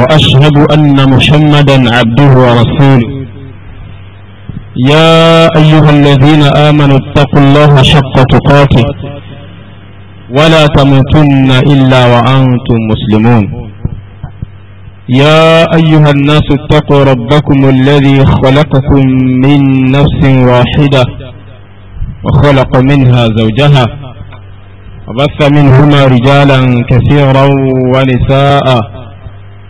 وأشهد أن محمدا عبده ورسوله يا أيها الذين آمنوا اتقوا الله شق تقاته ولا تموتن إلا وأنتم مسلمون يا أيها الناس اتقوا ربكم الذي خلقكم من نفس واحدة وخلق منها زوجها وبث منهما رجالا كثيرا ونساء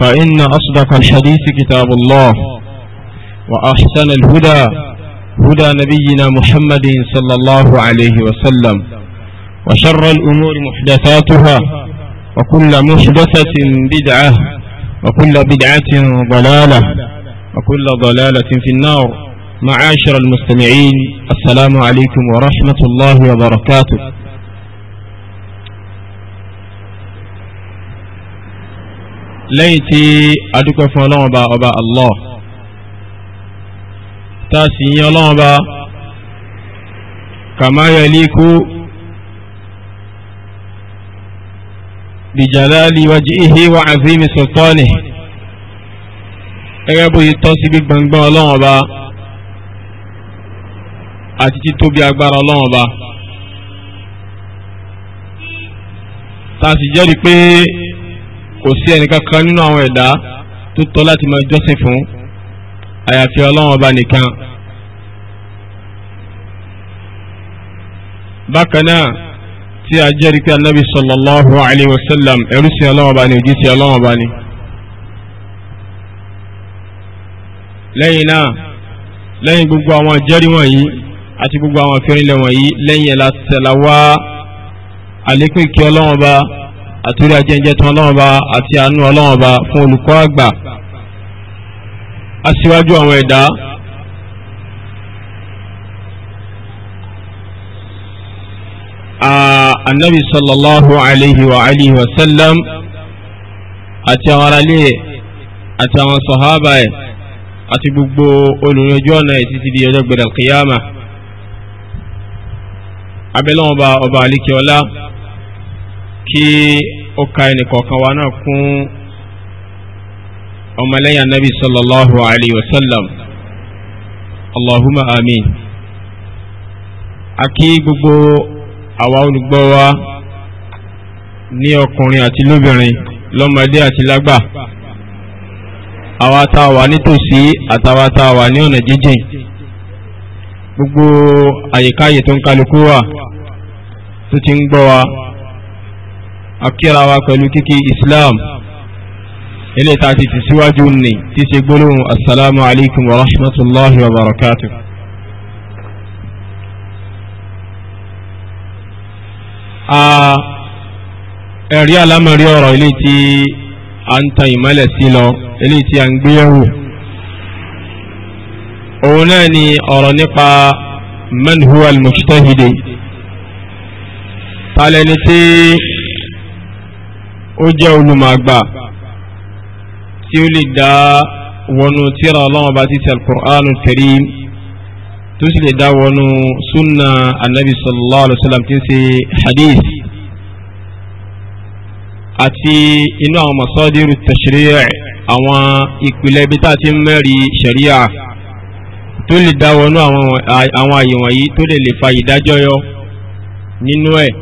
فإن أصدق الحديث كتاب الله وأحسن الهدى هدى نبينا محمد صلى الله عليه وسلم وشر الأمور محدثاتها وكل محدثة بدعة وكل بدعة ضلالة وكل ضلالة في النار معاشر المستمعين السلام عليكم ورحمة الله وبركاته lẹ́yìn tí adúpẹ́ fún ọlọ́run ọba ọba allah tá a sì yìn ọlọ́run ọba kama yaliku bijalali wajhihi wa azimi sultanihi gẹ́gẹ́ bó tọ́ sí gbígbàngbọ́n ọlọ́run ọba àti títóbi agbára ọlọ́run ọba tá sì jẹ́rìí pé kò sí ẹnìkankan nínú àwọn ẹ̀dá tó tọ́ láti máa jọ́sìn fún àyàfi ọlọ́run ọba nìkan. bákan náà tí a jẹ́rìí pé anábì sallallahu alayhi wa sallam ẹrú sí ọlọ́run ọba ni òjíṣẹ́ ọlọ́run ọba ni. lẹ́yìn náà lẹ́yìn gbogbo àwọn jẹ́rìí wọ̀nyí àti gbogbo àwọn fẹ́rìnlẹ̀ wọ̀nyí lẹ́yìn ẹ̀ la tẹ̀lá wá àlékún ìkẹ́ ọlọ́run ọba àtúrí ajẹ́njẹ́ tán ọlọ́run bá àti àánú ọlọ́run bá fún olùkọ́ àgbà aṣíwájú àwọn ẹ̀dá annabi sallallahu alaihi wa alihi wa sallam àti àwọn aráalé àti àwọn sọ̀hábà ẹ̀ àti gbogbo olùrìnàjò ọ̀nà ẹ̀ títí di ọjọ́ gbẹ̀dẹ̀ kìyàmà abẹ́lẹ́ ọba ọba kí ó ka ẹnìkọ̀ọ̀kan wa náà kún ọmọlẹ́yìn anábì sallallahu alayhi wa sallam allahumma amin a kí gbogbo àwa olùgbọ́ wa ní ọkùnrin àti lóbìnrin lọ́mọdé àti lágbà àwa tá a wà nítòsí àtàwa tá a wà ní ọ̀nà jíjìn gbogbo àyíkáyè tó ń kálukú wa tó ti ń gbọ́ wa akíra wa pẹ̀lú kíkí islam ilé ta ti ti síwájú ní ti ṣe gbólóhùn assalamu alaikum wa rahmatullahi wa barakatuh ẹ̀rí alámọ̀rí ọ̀rọ̀ ilé tí a ń tan ìmọ́lẹ̀ sí lọ ilé tí a ń gbé òun náà ni ọ̀rọ̀ nípa man huwa al-mujtahidi talẹni tí ó jẹ́ olùmọ̀gbà tí ó lè dá wọnú tírà ọlọ́run bá ti al-Qur'an al-Karim tó sì lè dá wọnú súnà anabi sallallahu alayhi wa sallam tí ń ṣe hadith àti inú àwọn masadiru tashri'i àwọn ìpìlẹ̀ ibi tá ti ń mẹ́rí tó lè dá wọnú àwọn àyè wọ̀nyí tó lè lè fa ìdájọ́ yọ nínú ẹ̀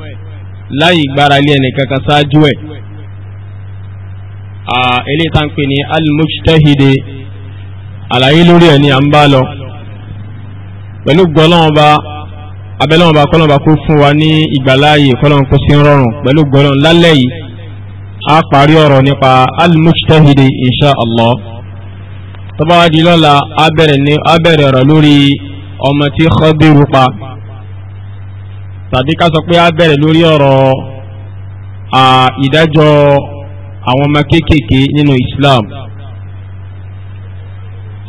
láì gbára lé ẹnìkan kan ṣáájú ẹ̀ eléyìí tá ń pè ní al-mujtahidi àlàyé lórí ẹ̀ ni à ń bá lọ pẹ̀lú gbọ́lọ́wọ́ba abẹ́lọ́wọ́ba kọ́lọ́wọ́ba kó fún wa ní ìgbàláàyè kọ́lọ́wọ́ kó sí rọrùn pẹ̀lú gbọ́lọ́wọ́ lálẹ́ yìí a parí ọ̀rọ̀ nípa al-mujtahidi insha Allah tó bá wá di lọ́la a bẹ̀rẹ̀ ọ̀rọ̀ lórí ọmọ tí Khadiru pa tàbí ká sọ pé a bẹ̀rẹ̀ lórí ọ̀rọ̀ ìdájọ́ àwọn ọmọ kéékèèké nínú Islam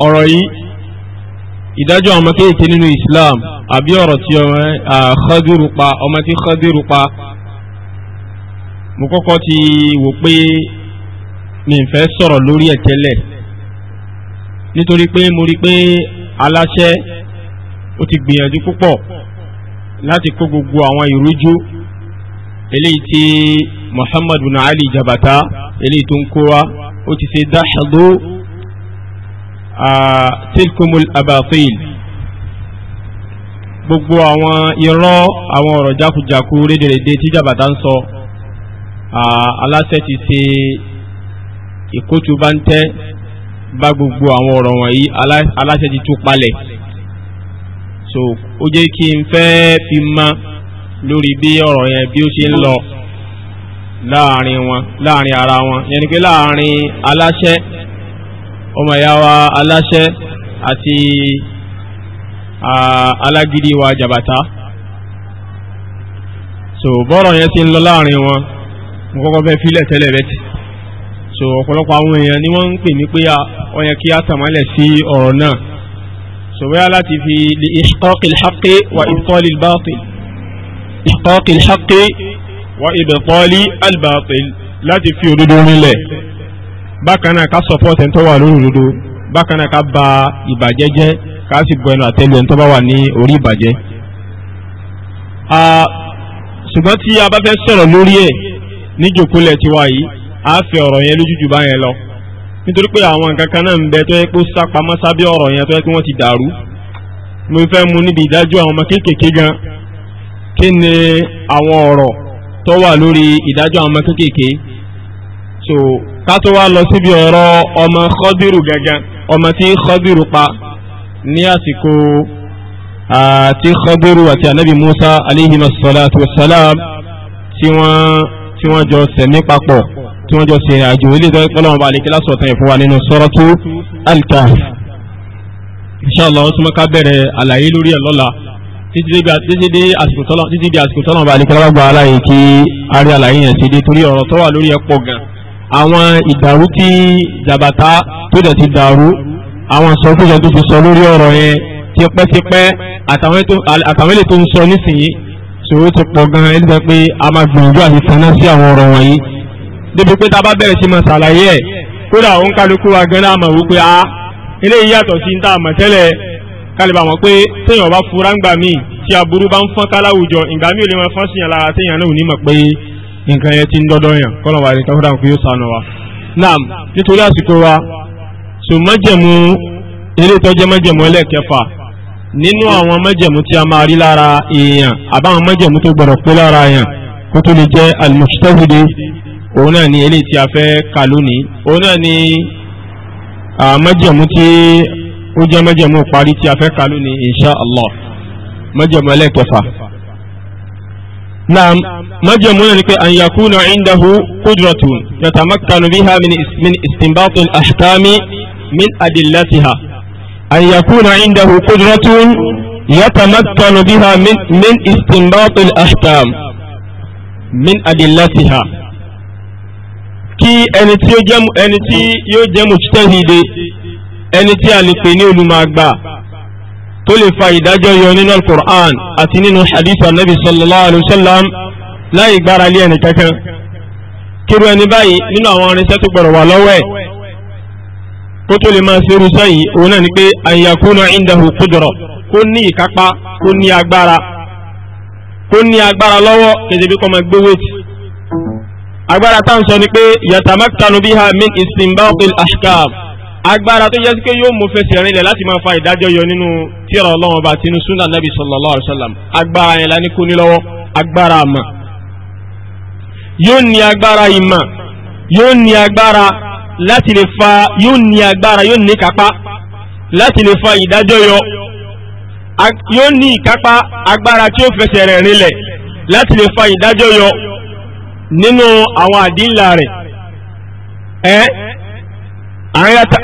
ọ̀rọ̀ yìí ìdájọ́ àwọn ọmọ kéékèèké nínú Islam àbí ọ̀rọ̀ tí ọmọ Khadiru pa ọmọ tí Khadiru pa mo kọ́kọ́ ti wò pé mi fẹ́ sọ̀rọ̀ lórí ẹ̀ tẹ́lẹ̀ nítorí pé mo rí pé aláṣẹ ó ti gbìyànjú púpọ̀ láti kó gbogbo àwọn ìrújú eléyìí tí Muhammad bin Ali Jabata eléyìí tó ń kó wa ó ti ṣe dáhàdó tilkumul abatil gbogbo àwọn irọ́ àwọn ọ̀rọ̀ jákujàku rédèrèdè tí Jabata ń sọ aláṣẹ ti ṣe ìkótú bá ń tẹ́ bá gbogbo àwọn ọ̀rọ̀ wọ̀nyí aláṣẹ ti tú palẹ̀ so ó jẹ́ kí n fẹ́ fi máa lórí bí ọ̀rọ̀ yẹn bí ó ṣe ń lọ láàrin wọn láàrin ara wọn yẹn ni pé láàrin aláṣẹ ọmọ ìyá wa aláṣẹ àti alágídí wa jàbàtà so bọ́rọ̀ yẹn ti ń lọ láàrin wọn mo kọ́kọ́ fẹ́ fílẹ̀ tẹ́lẹ̀ rẹ ti so ọ̀pọ̀lọpọ̀ àwọn èèyàn ni wọ́n ń pè mí pé ó kí a tàmálẹ̀ sí ọ̀rọ̀ náà so bóyá láti fi li ishqaqil haqqi wa ibtalil إحقاق الحق وإبطال الباطل لا تفي òdodo rinlẹ̀ bákan náà ká support ẹni tó wà lórí òdodo bákan náà ká ba ìbàjẹ́ jẹ́ ká sì bu ẹnu àtẹ́lu ẹni tó bá wà ní orí ìbàjẹ́. ṣùgbọ́n tí a bá fẹ́ sọ̀rọ̀ lórí ẹ̀ níjòkólẹ̀ tiwa yìí a fẹ́ ọ̀rọ̀ yẹn lójújù bá yẹn lọ nítorí pé àwọn nǹkan kan náà ń bẹ tó yẹ kó sápamọ́ sábẹ́ ọ̀rọ̀ yẹn tó yẹ kí wọ́n ti dàrú mo fẹ́ mu níbi ìdájọ́ àwọn ọmọ kéékèèké gan kí ni àwọn ọ̀rọ̀ tó wà lórí ìdájọ́ àwọn ọmọ kéékèèké so ká tó wá lọ síbi ọ̀rọ̀ ọmọ Khadiru gangan ọmọ tí Khadiru pa ní àsìkò àti Khadiru àti anabi Musa alayhi masalatu wasalam tí wọ́n tí wọ́n jọ sẹ̀mí papọ̀ tí wọ́n jọ sẹ̀rìn àjò ilé ìtọ́ ìpọ́lọ́wọ́n bá àlekí lásọ̀tàn ìfún nínú suratu al-Kahf inshallah ó túnmọ́ ká bẹ̀rẹ̀ àlàyé lórí ẹ̀ lọ́la títí dé àsìkò tọ́lọ̀ títí dé àsìkò tọ́lọ̀ bá alikọ́lá gba aláyè kí arí àlàyé yẹn ṣe dé torí ọ̀rọ̀ tó wà lórí ẹ̀ pọ̀ gan àwọn ìdàrú tí jàbàtà tó dẹ̀ ti dàrú àwọn sọkúsọ tó ti sọ lórí ọ̀rọ̀ yẹn tipẹ́tipẹ́ àtàwọn èlé tó ń sọ nísìnyí ṣòro ti pọ̀ gan ẹni sọ pé a máa gbìyànjú àti tanná sí àwọn ọ̀rọ̀ wọ̀nyí débi pé tá bẹ̀rẹ̀ sí máa ṣàlàyé kálíbà mọ̀ pé téèyàn bá fura ń gbà míì tí aburú bá ń fọ́n káláwùjọ ìgbà míì lè máa fọ́n sí yàn lára téèyàn náà ò ní mọ̀ pé nǹkan yẹn ti ń dọ́dọ́ yàn kọ́nà wà ní káfíńdà kò yóò sànù wa. naam nítorí àsìkò wa sò májẹ̀mú eré tọ́jẹ́ májẹ̀mú ẹlẹ́ẹ̀kẹfà nínú àwọn májẹ̀mú tí a máa rí lára èèyàn àbáwọn májẹ̀mú tó gbọ́dọ̀ pé lára èèyàn kó tó lè jẹ́ al òun náà ni eléyìí tí a fẹ́ kà lónìí òun náà ni májẹ̀mú tí ó jẹ́ májẹ̀mú parí tí a fẹ́ kà lónìí insha allah májẹ̀mú ẹlẹ́kẹfà naam májẹ̀mú náà ni pé an yakuna indahu qudratun yatamakkanu biha min istinbat al-ahkami min adillatiha an yakuna indahu qudratun yatamakkanu biha min istinbat al-ahkam min adillatiha kí ẹni tí yóò jẹ́ mujtahide ẹni tí a lè pè ní olùmọ̀gbà tó lè fa ìdájọ́ yọ nínú al-Qur'an àti nínú hadith anabi sallallahu alayhi wa sallam láì gbára lé ẹnì kankan kíru ẹni báyìí nínú àwọn irinṣẹ́ tó gbọ̀rọ̀ wà lọ́wọ́ ẹ̀ kó tó lè máa ṣe irúṣẹ́ yìí òun náà ni pé an yakuna indahu qudrah kó ní ìkápá kó ní agbára kó ní agbára lọ́wọ́ kejì bí kò máa gbé wéètì agbára táwọn sọ ni pé yatamakkanu biha min istinbatil ahkam agbára tó jẹ́ sí pé yóò mú fẹsẹ̀ rinlẹ̀ láti máa fa ìdájọ́ yọ nínú tírà ọlọ́run ọba tinú sunna nabi sallallahu alayhi wa sallam agbára yẹn la ní kó ní lọ́wọ́ agbára àmà yóò ní agbára ìmà yóò ní agbára láti lè fa yóò ní agbára yóò ní kápá láti lè fa ìdájọ́ yọ yóò ní ìkápá agbára tí ó fẹsẹ̀ rẹ̀ rinlẹ̀ láti lè fa ìdájọ́ yọ nínú àwọn àdínlá rẹ̀ ẹ́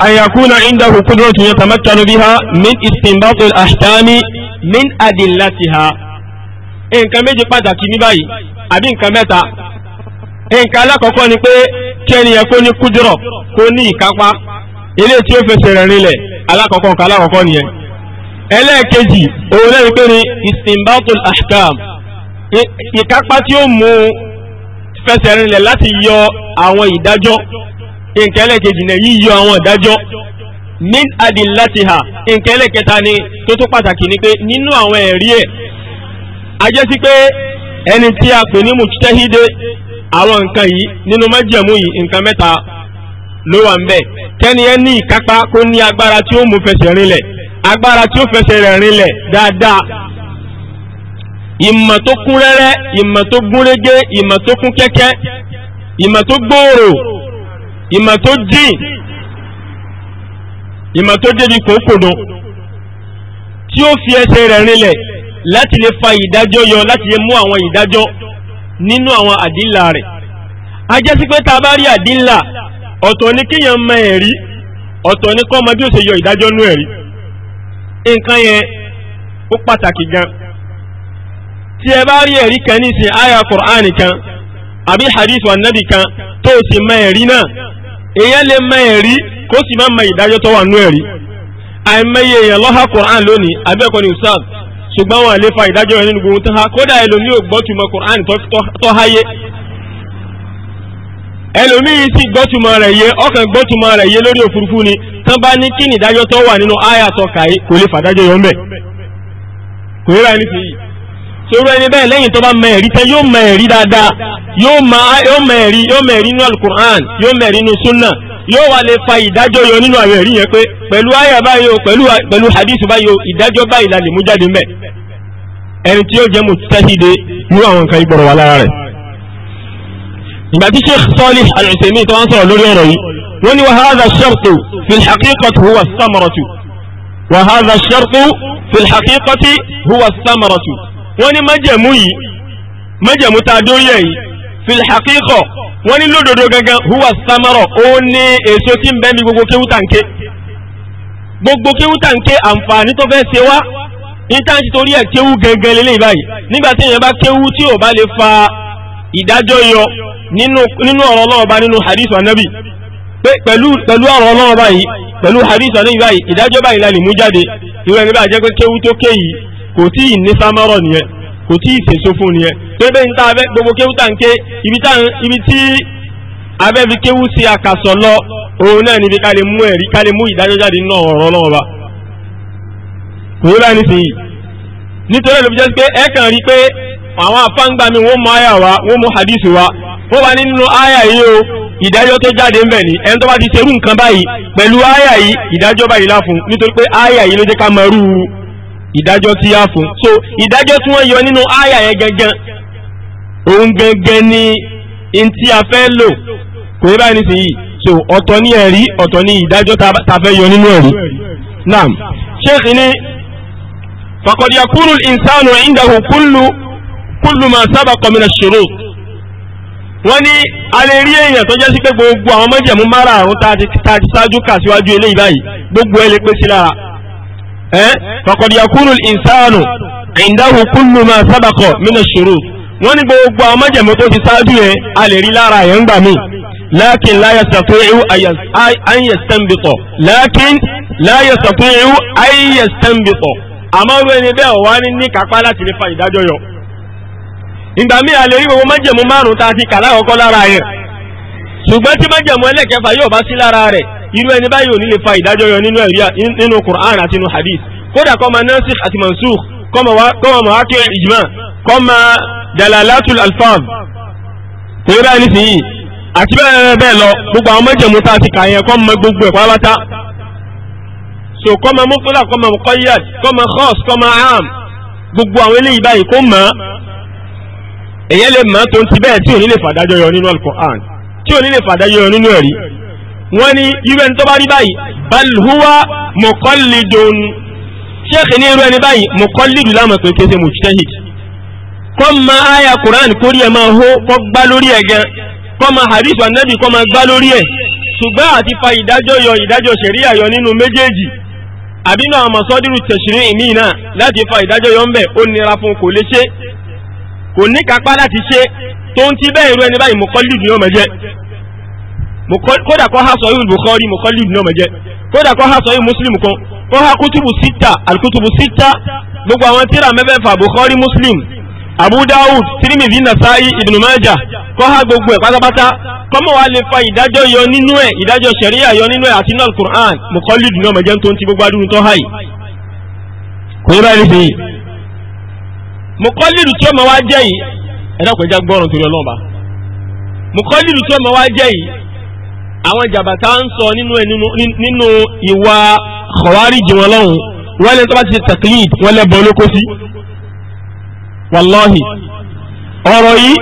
أن يكون عنده قدرة يتمكن بها من استنباط الأحكام من أدلتها nǹkan méjì pàtàkì ní báyìí àbí nǹkan mẹ́ta nǹkan alákọ̀ọ́kọ́ ni pé kí ẹnìyàn kó ní kúdúrọ̀ kó ní ìkápá ilé tí ó fẹsẹ̀ rẹ̀ rinlẹ̀ alákọ̀ọ́kọ́ nǹkan alákọ̀ọ́kọ́ nìyẹn ẹlẹ́ẹ̀kejì òun náà pé ní istinbatul ahkam ìkápá tí ó mú fẹsẹ̀ rinlẹ̀ láti yọ àwọn ìdájọ́ nkẹlẹ kejì náà yíyọ àwọn ìdájọ́ min adilatiha nkẹlẹ kẹta ni tó tó pàtàkì ni pé nínú àwọn ẹ̀rí ẹ̀ ajẹ́sí pé ẹni tí a pè ní àwọn nǹkan yìí nínú májẹ̀mú yìí nǹkan mẹ́ta ló wà ń kẹ́ni ẹ ní ìkápá kó ní agbára tí ó mú fẹsẹ̀ rinlẹ̀ agbára tí ó fẹsẹ̀ rẹ̀ rinlẹ̀ dáadáa ìmọ̀ tó kún rẹ́rẹ́ ìmọ̀ tó ìmọ̀ tó jìn ìmọ̀ tó jẹ́ bí kòókòdó tí ó fi ẹsẹ̀ rẹ̀ rinlẹ̀ láti lè fa ìdájọ́ yọ láti lè mú àwọn ìdájọ́ nínú àwọn àdínlà rẹ̀ a jẹ́ sí pé ta bá rí àdínlà ọ̀tọ̀ ní kíyàn mọ ẹ̀rí ọ̀tọ̀ ní kọ́ mọ bí ó ṣe yọ ìdájọ́ nú ẹ̀rí nǹkan yẹn ó pàtàkì gan tí ẹ bá rí ẹ̀rí kan nísìn àyà Kùránì kan àbí hadith wa nabi kan tó sì mọ ẹ̀rí náà èèyàn lè mọ ẹ̀rí kó sì má mọ ìdájọ́ tó wà nú ẹ̀rí àìmọye èèyàn lọ́ha Qur'an lónìí abẹ́ẹ̀kọ́ ni usaf ṣùgbọ́n wọn lè fa ìdájọ́ nínú ha kódà ẹlòmí ò gbọ́tùmọ̀ Qur'an tó háyé ẹlòmí yìí sì gbọ́tùmọ̀ rẹ̀ yé ọkàn gbọ́tùmọ̀ rẹ̀ yé lórí òfurufú ni tán bá ní kí ni ìdájọ́ tó wà nínú kò lè fàdájọ́ kò irú ẹni bẹ́ẹ̀ lẹ́yìn tó bá mọ ẹ̀rí tán yóò mọ ẹ̀rí dáadáa yóò mọ ẹ̀rí yóò mọ ẹ̀rí nínú alukur'an yóò mọ ẹ̀rí nínú sunna yóò wá lè fa ìdájọ́ yọ nínú àwọn ẹ̀rí yẹn pé pẹ̀lú àyà báyìí o pẹ̀lú hadith báyìí o ìdájọ́ báyìí la lè mú jáde mbẹ̀ ẹni tí yóò jẹ́ mo tẹ́síde irú àwọn nǹkan ìgbọ̀rọ̀ wà lára rẹ̀. ìgbà Sheikh Salih al tó wá sọ̀rọ̀ lórí ọ̀rọ̀ yìí wọ́n ní wa hadha fi al-haqiqati huwa ath-thamaratu fi al-haqiqati huwa wọ́n ní májẹ̀mú yìí májẹ̀mú tá a dóyẹ̀ yìí filhakíkọ̀ wọ́n ní lódodo gangan huwa samaro ó ní èso tí ń bẹ mi gbogbo kéwú tànké gbogbo kéwú tànké àǹfààní tó fẹ́ ṣe wá níta ti torí ẹ̀ kéwú gangan lélẹ́yìí báyìí nígbà tí èèyàn bá kéwú tí ò bá lè fa ìdájọ́ yọ nínú ọ̀rọ̀ Ọlọ́run bá nínú hadith anabi pẹ̀lú ọ̀rọ̀ Ọlọ́run báyìí pẹ̀lú hadith anabi báyìí ìdájọ́ báyìí la lè mú jáde ìwé ẹni bá jẹ́ pé kéwú tó ké yìí kò tí ì ní sámọ́rọ̀ nìyẹn kò tí ì sèso fún nìyẹn pépé ń ta abẹ́ gbogbo kéwú tá ń ké ibi tí abẹ́ fi kéwú sí akasọ̀ lọ òun náà níbi ká lè mú ẹ̀rí ká lè mú ìdájọ́ jáde nínú ọ̀rọ̀ ọlọ́wọ́ bá kò yóò láì nísìnyí nítorí ẹ̀ jẹ́ pé ẹ kàn rí pé àwọn afáǹgbà mi wọ́n mú àyà wa wọ́n mú hadith wa wọ́n wà nínú àyà yìí o ìdájọ́ tó jáde ń bẹ̀ ni ẹni tó bá ti ṣerú nǹkan báyìí pẹ̀lú àyà yìí ìdájọ́ báyìí láfún nítorí pé àyà yìí ló jẹ́ ká mọ irú ìdájọ́ tí a fún so ìdájọ́ tí wọ́n yọ nínú àyà yẹn gangan òun gangan ni n tí a fẹ́ lò kò ní báyìí nísìnyí so ọ̀tọ̀ ní ẹ̀rí ọ̀tọ̀ ní ìdájọ́ ta fẹ́ yọ nínú ẹ̀rí naam sheikh ni faqad yakunu al-insanu indahu kullu kullu ma sabaqa min ash-shurut wọ́n ní a lè rí èèyàn tó jẹ́ sí pé gbogbo àwọn mọ́jẹ̀mú márààrún tá a ti ṣáájú kà síwájú eléyìí báyìí gbogbo ẹ lè pèsè lára faqad yakunu al-insanu indahu kullu ma sabaqa min ash-shurut wọ́n ní gbogbo àwọn májẹ̀mú tó ti ṣáájú yẹn a lè rí lára yẹn ń gbà mí lakin la yastati'u an yastanbita lakin la yastati'u an yastanbita àmọ́ wẹ́n ni bẹ́ẹ̀ wá ní ní kápá láti lè fa ìdájọ́ yọ ìgbà míì a lè rí gbogbo májẹ̀mú márùn-ún ti kà lákọ̀ọ́kọ́ lára yẹn ṣùgbọ́n tí májẹ̀mú ẹlẹ́kẹfà yóò bá sí lára rẹ̀ irú ẹni báyìí ò ní lè fa ìdájọ́ yọ nínú ẹ̀rí nínú Qur'an àti nínú hadith kódà kọ́ ma nasikh àti mansukh kọ́ ma wákì ìjìmá kọ́ ma dalalatul alfam kò yẹ báyìí nísìnyí àti bẹ́ẹ̀ bẹ́ẹ̀ lọ gbogbo àwọn mẹ́jẹ̀mú tá a ti kà yẹn kọ́ ma gbogbo ẹ̀ pátá so kọ́ ma mufula kọ́ ma muqayyad kọ́ ma khas kọ́ ma am gbogbo àwọn eléyìí báyìí kó mọ̀ èyẹ lè mọ̀ tó ń ti bẹ́ẹ̀ tí ò ní lè fàdájọ́ yọ nínú al-Qur'an tí ò ní lè fàdájọ́ yọ nínú ẹ̀rí wọ́n ní irú ẹni tó bá rí báyìí balhuwa mọ̀kọ́lìdùn ṣéèkì ní irú ẹni báyìí mọ̀kọ́lìdùn láwọn pé kéde mujtahid kọ́ ma aya Quran kórí ẹ̀ máa hó kọ́ gbá lórí ẹ̀ gan kọ́ ma hadith anabi kọ́ ma gbá lórí ẹ̀ ṣùgbọ́n àti fa ìdájọ́ yọ ìdájọ́ ṣẹ̀ríà yọ nínú méjèèjì àbínú àwọn mọ̀sọ́dúrú tẹ̀sírí ìmí náà láti fa ìdájọ́ yọ ń bẹ̀ ó nira fún kò lè ṣe kò ní kápá láti ṣe tó ń ti bẹ́ẹ̀ irú ẹni báyìí mọ̀kọ́lìdùn yóò máa jẹ́ kódà kọ́ ha sọ̀rọ̀ Bukhari mọ̀kọ́lì ní ọmọ jẹ́ kódà kọ́ ha sọ̀rọ̀ Muslim kan kọ́ ha kútùbù síta alukutubu síta gbogbo àwọn tíra mẹ́fẹ̀ẹ̀fà Bukhari Muslim Abu Dawud Tirmidhi Nasa'i Ibn Majah kọ́ ha gbogbo ẹ̀ pátápátá kọ́mọ̀ wa lè fa ìdájọ́ yọ nínú ẹ̀ ìdájọ́ sẹ̀ríyà yọ nínú ẹ̀ àti náà Qur'an mọ̀kọ́lì ní ọmọ jẹ́ tó ń ti gbogbo adúrú tó háì kò yẹ báyìí fi mọ̀kọ́lì tí ọmọ wa jẹ́ yìí ẹ̀dá kò já gbọ́ràn torí ọlọ́ọ̀ba mọ̀kọ́lì tí ọmọ wa jẹ́ àwọn jàbàtà ń sọ nínú nínú ìwà kọ̀wárìjì wọn lọ́hùn wọ́n lẹ́nu tó bá ti ṣe taklid wọ́n lẹ́bọ̀ olóko sí wàlọ́hì ọ̀rọ̀ yìí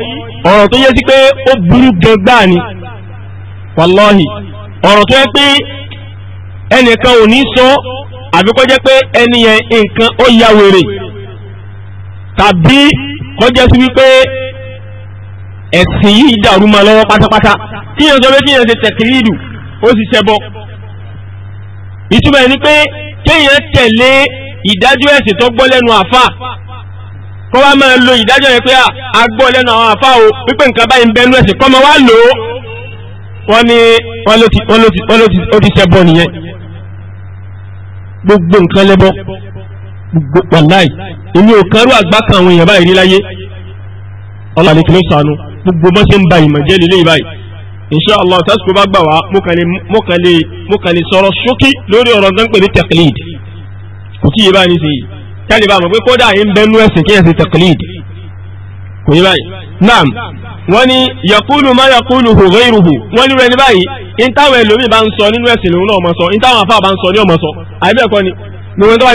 ọ̀rọ̀ tó yẹ sí pé ó burú gẹgbà ni wàlọ́hì ọ̀rọ̀ tó yẹ pé ẹnìkan ò ní sọ àbí kó pé ẹni yẹn nǹkan ó ya wèrè tàbí kó jẹ́ sí wípé ẹ̀sìn yìí dàrú ma lọ́wọ́ pátápátá kíyàn sọ pé kíyàn ṣe tẹ̀kìlìdù ó sì ṣẹbọ ìtumọ̀ ni pé kíyàn tẹ̀lé ìdájọ́ ẹ̀sìn tó gbọ́ lẹ́nu àfà kọ́ wá máa lo ìdájọ́ yẹn pé a gbọ́ lẹ́nu àwọn àfà o wípé nǹkan báyìí ń bẹnu ẹ̀sìn kọ́mọ wá lò ó wọ́n ní wọ́n ló ti ṣẹbọ nìyẹn gbogbo nǹkan lẹ́bọ gbogbo wàláì èmi ò kẹrù àgbá kan àwọn èèyàn báyìí rí láyé ọlọ́run kìlọ̀ sànú gbogbo bó ṣe ń ba ìmọ̀ jẹ́ lélẹ́yìí báyìí insha allah tásìkò bá gbà wá mo kàn lè sọ̀rọ̀ ṣókí lórí ọ̀rọ̀ tó ń pè ní taqlid kò tí yé báyìí nísìnyí táyì bá mọ̀ pé kódà yìí ń bẹnu ẹ̀sìn kí ẹ̀sìn taqlid kò yé báyìí. naam wọ́n ní yakulu ma yakulu hu ghayruhu wọ́n ní rẹni báyìí intawọn ẹlòmíì bá ń sọ nínú ẹ̀sìn lòun náà sọ intawọn afa bá ń sọ ní ọmọ sọ àyẹ̀bẹ̀ kọ́ni nìwọ̀n tó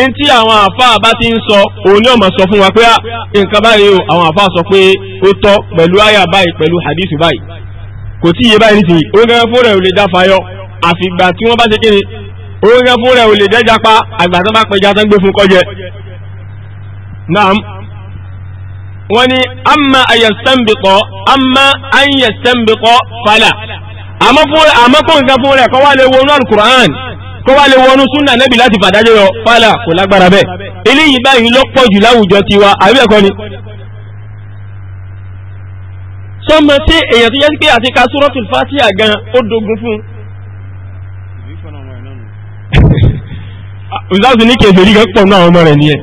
in tí àwọn àfáà bá ti ń sọ òun ni ó máa sọ fún wa pé ah, nǹkan báyìí o àwọn àfáà sọ pé ó tọ́ pẹ̀lú àyà báyìí pẹ̀lú hadith báyìí kò tí iye báyìí nìsín oríkẹ́ fún rẹ̀ ò lè dáfayọ àfìgbà tí wọ́n bá ṣe kéde oríkẹ́ fún rẹ̀ ò lè dẹ́jà pa àgbà tó bá pẹja tó ń gbé fún kọjẹ. naam wọ́n ní amma ayastanbiqo amma ayastanbiqo fala àmọ́ fún àmọ́ kó nǹkan fún rẹ̀ kọ́ wá lè wọnú alukur'an tó wá lè wọnú súnà nẹ́bì láti fàdájọ́ yọ fàlà kò lágbára bẹ́ẹ̀ eléyìí báyìí lọ́pọ̀ jù láwùjọ tiwa àbí ẹ̀kọ́ ni. sọ́mọ sí èèyàn tó yẹ pé àti ka súrọ́tù fátíà gan ó dogun fún un. ìzáàzù ní kẹfẹ́ rí pọ̀ náà àwọn ọmọ rẹ̀ nìyẹn.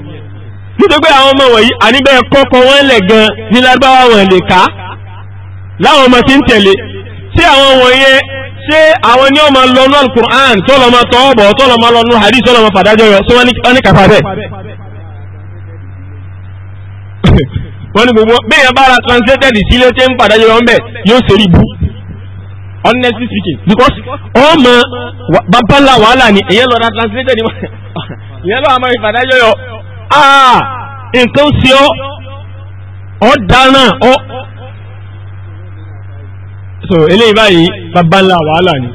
nítorí pé àwọn ọmọ wọ̀nyí àníbẹ̀ kọ́kọ́ wọn lẹ̀ gan ní lágbára wọn lè ká láwọn ọmọ tí ń tẹ̀lé tí àwọn wọ̀nyẹn ṣé àwọn ní ọmọ lọ́nà alukur'an tọ́lọ́mọ tọ́ọ̀bọ̀ tọ́lọ́mọ lọ́nà hadith tọ́lọ́mọ fàdájọ́ yọ sọ́wọ́n ní kàfà bẹ́ẹ̀. wọ́n ní gbogbo bẹ́ẹ̀ bá ra translated sílé tẹ́ ń fàdájọ́ yọ ńbẹ̀ yóò ṣèrí bú honestly speaking because ọmọ babalá wàhálà ni èyàn lọ́nà translated ni wọ́n ìyẹn lọ́wọ́ àmọ́ ìfàdájọ́ yọ ah, nǹkan ó ṣe ọ́ ọ́ dáná ọ́ so eléyìí báyìí bàbá wàhálà ni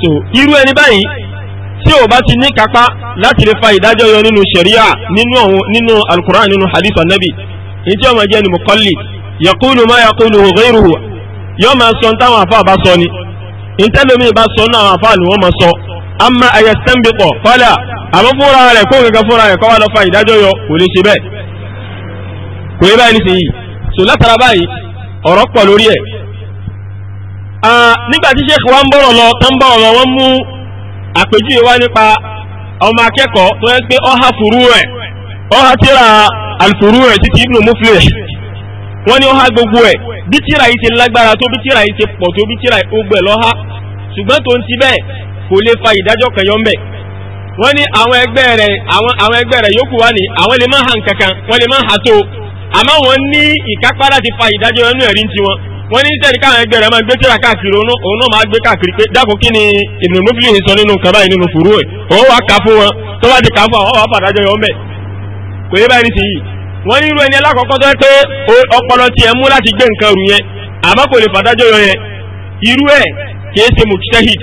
so irú ẹni báyìí tí o bá ti ní kápá láti lè fa ìdájọ́ yọ nínú sẹ̀ríà nínú àwọn nínú alukur'an nínú hadith anabi ní tí ọmọ jẹ́ ni muqallid yaqulu ma yaqulu ghayruhu yọ máa sọ táwọn afa bá sọ ni ntẹ́lómi bá sọ náà àwọn afa ni wọ́n máa sọ amma ayastanbiqo fala àmọ́ fúnra rẹ̀ kó nǹkan fúnra rẹ̀ kọ́ wá lọ fa ìdájọ́ yọ kò lè ṣe bẹ́ẹ̀ kò yẹ báyìí nísìnyí so látara báyìí ọ̀rọ̀ pọ̀ lórí ẹ̀ Ah, nígbàtí sheikh wa ń bọ̀rọ̀ lọ tán bọ̀rọ̀ lọ wọ́n mú àpèjúwe wá nípa ọmọ akẹ́kọ̀ọ́ tó yẹ pé ọha furu rẹ̀ ọha tíra alfuru rẹ̀ títí ibnu muflih wọ́n ní ọha gbogbo ẹ̀ bí tíra yìí ti lágbára tó bí tíra yìí ti pọ̀ tó bí tíra yìí ó gbẹ̀ lọ́ha ṣùgbọ́n tó ń ti bẹ́ẹ̀ kò lè fa ìdájọ́ kan yọ ń wọ́n ní àwọn ẹgbẹ́ rẹ̀ àwọn ẹgbẹ́ rẹ̀ yòókù wá ní àwọn lè má hàn kankan wọ́n lè má hà tó àmọ́ wọ́n ní ìkápá láti fa ìdájọ́ ẹnu ẹ̀rí tiwọn wọ́n ní sẹ́ni káwọn ẹgbẹ́ rẹ̀ máa gbé tíra káàkiri òun náà máa gbé káàkiri pé dákun kí ni ìbùnú mọ́bìlì yìí sọ nínú nǹkan báyìí nínú fùrú ẹ̀ òun wá kà fún wọn tó bá ti kà fún àwọn wàá fàdájọ yọ mẹ́ kò yé báyìí nìsín yìí wọ́n ní irú ẹni alákọ̀ọ́kọ́ tó yẹ pé ọpọlọ ti ẹ̀ mú láti gbé nǹkan rù yẹn àmọ́ kò lè fàdájọ yọ yẹn irú ẹ̀ kìí ṣe mùtítẹ́hìd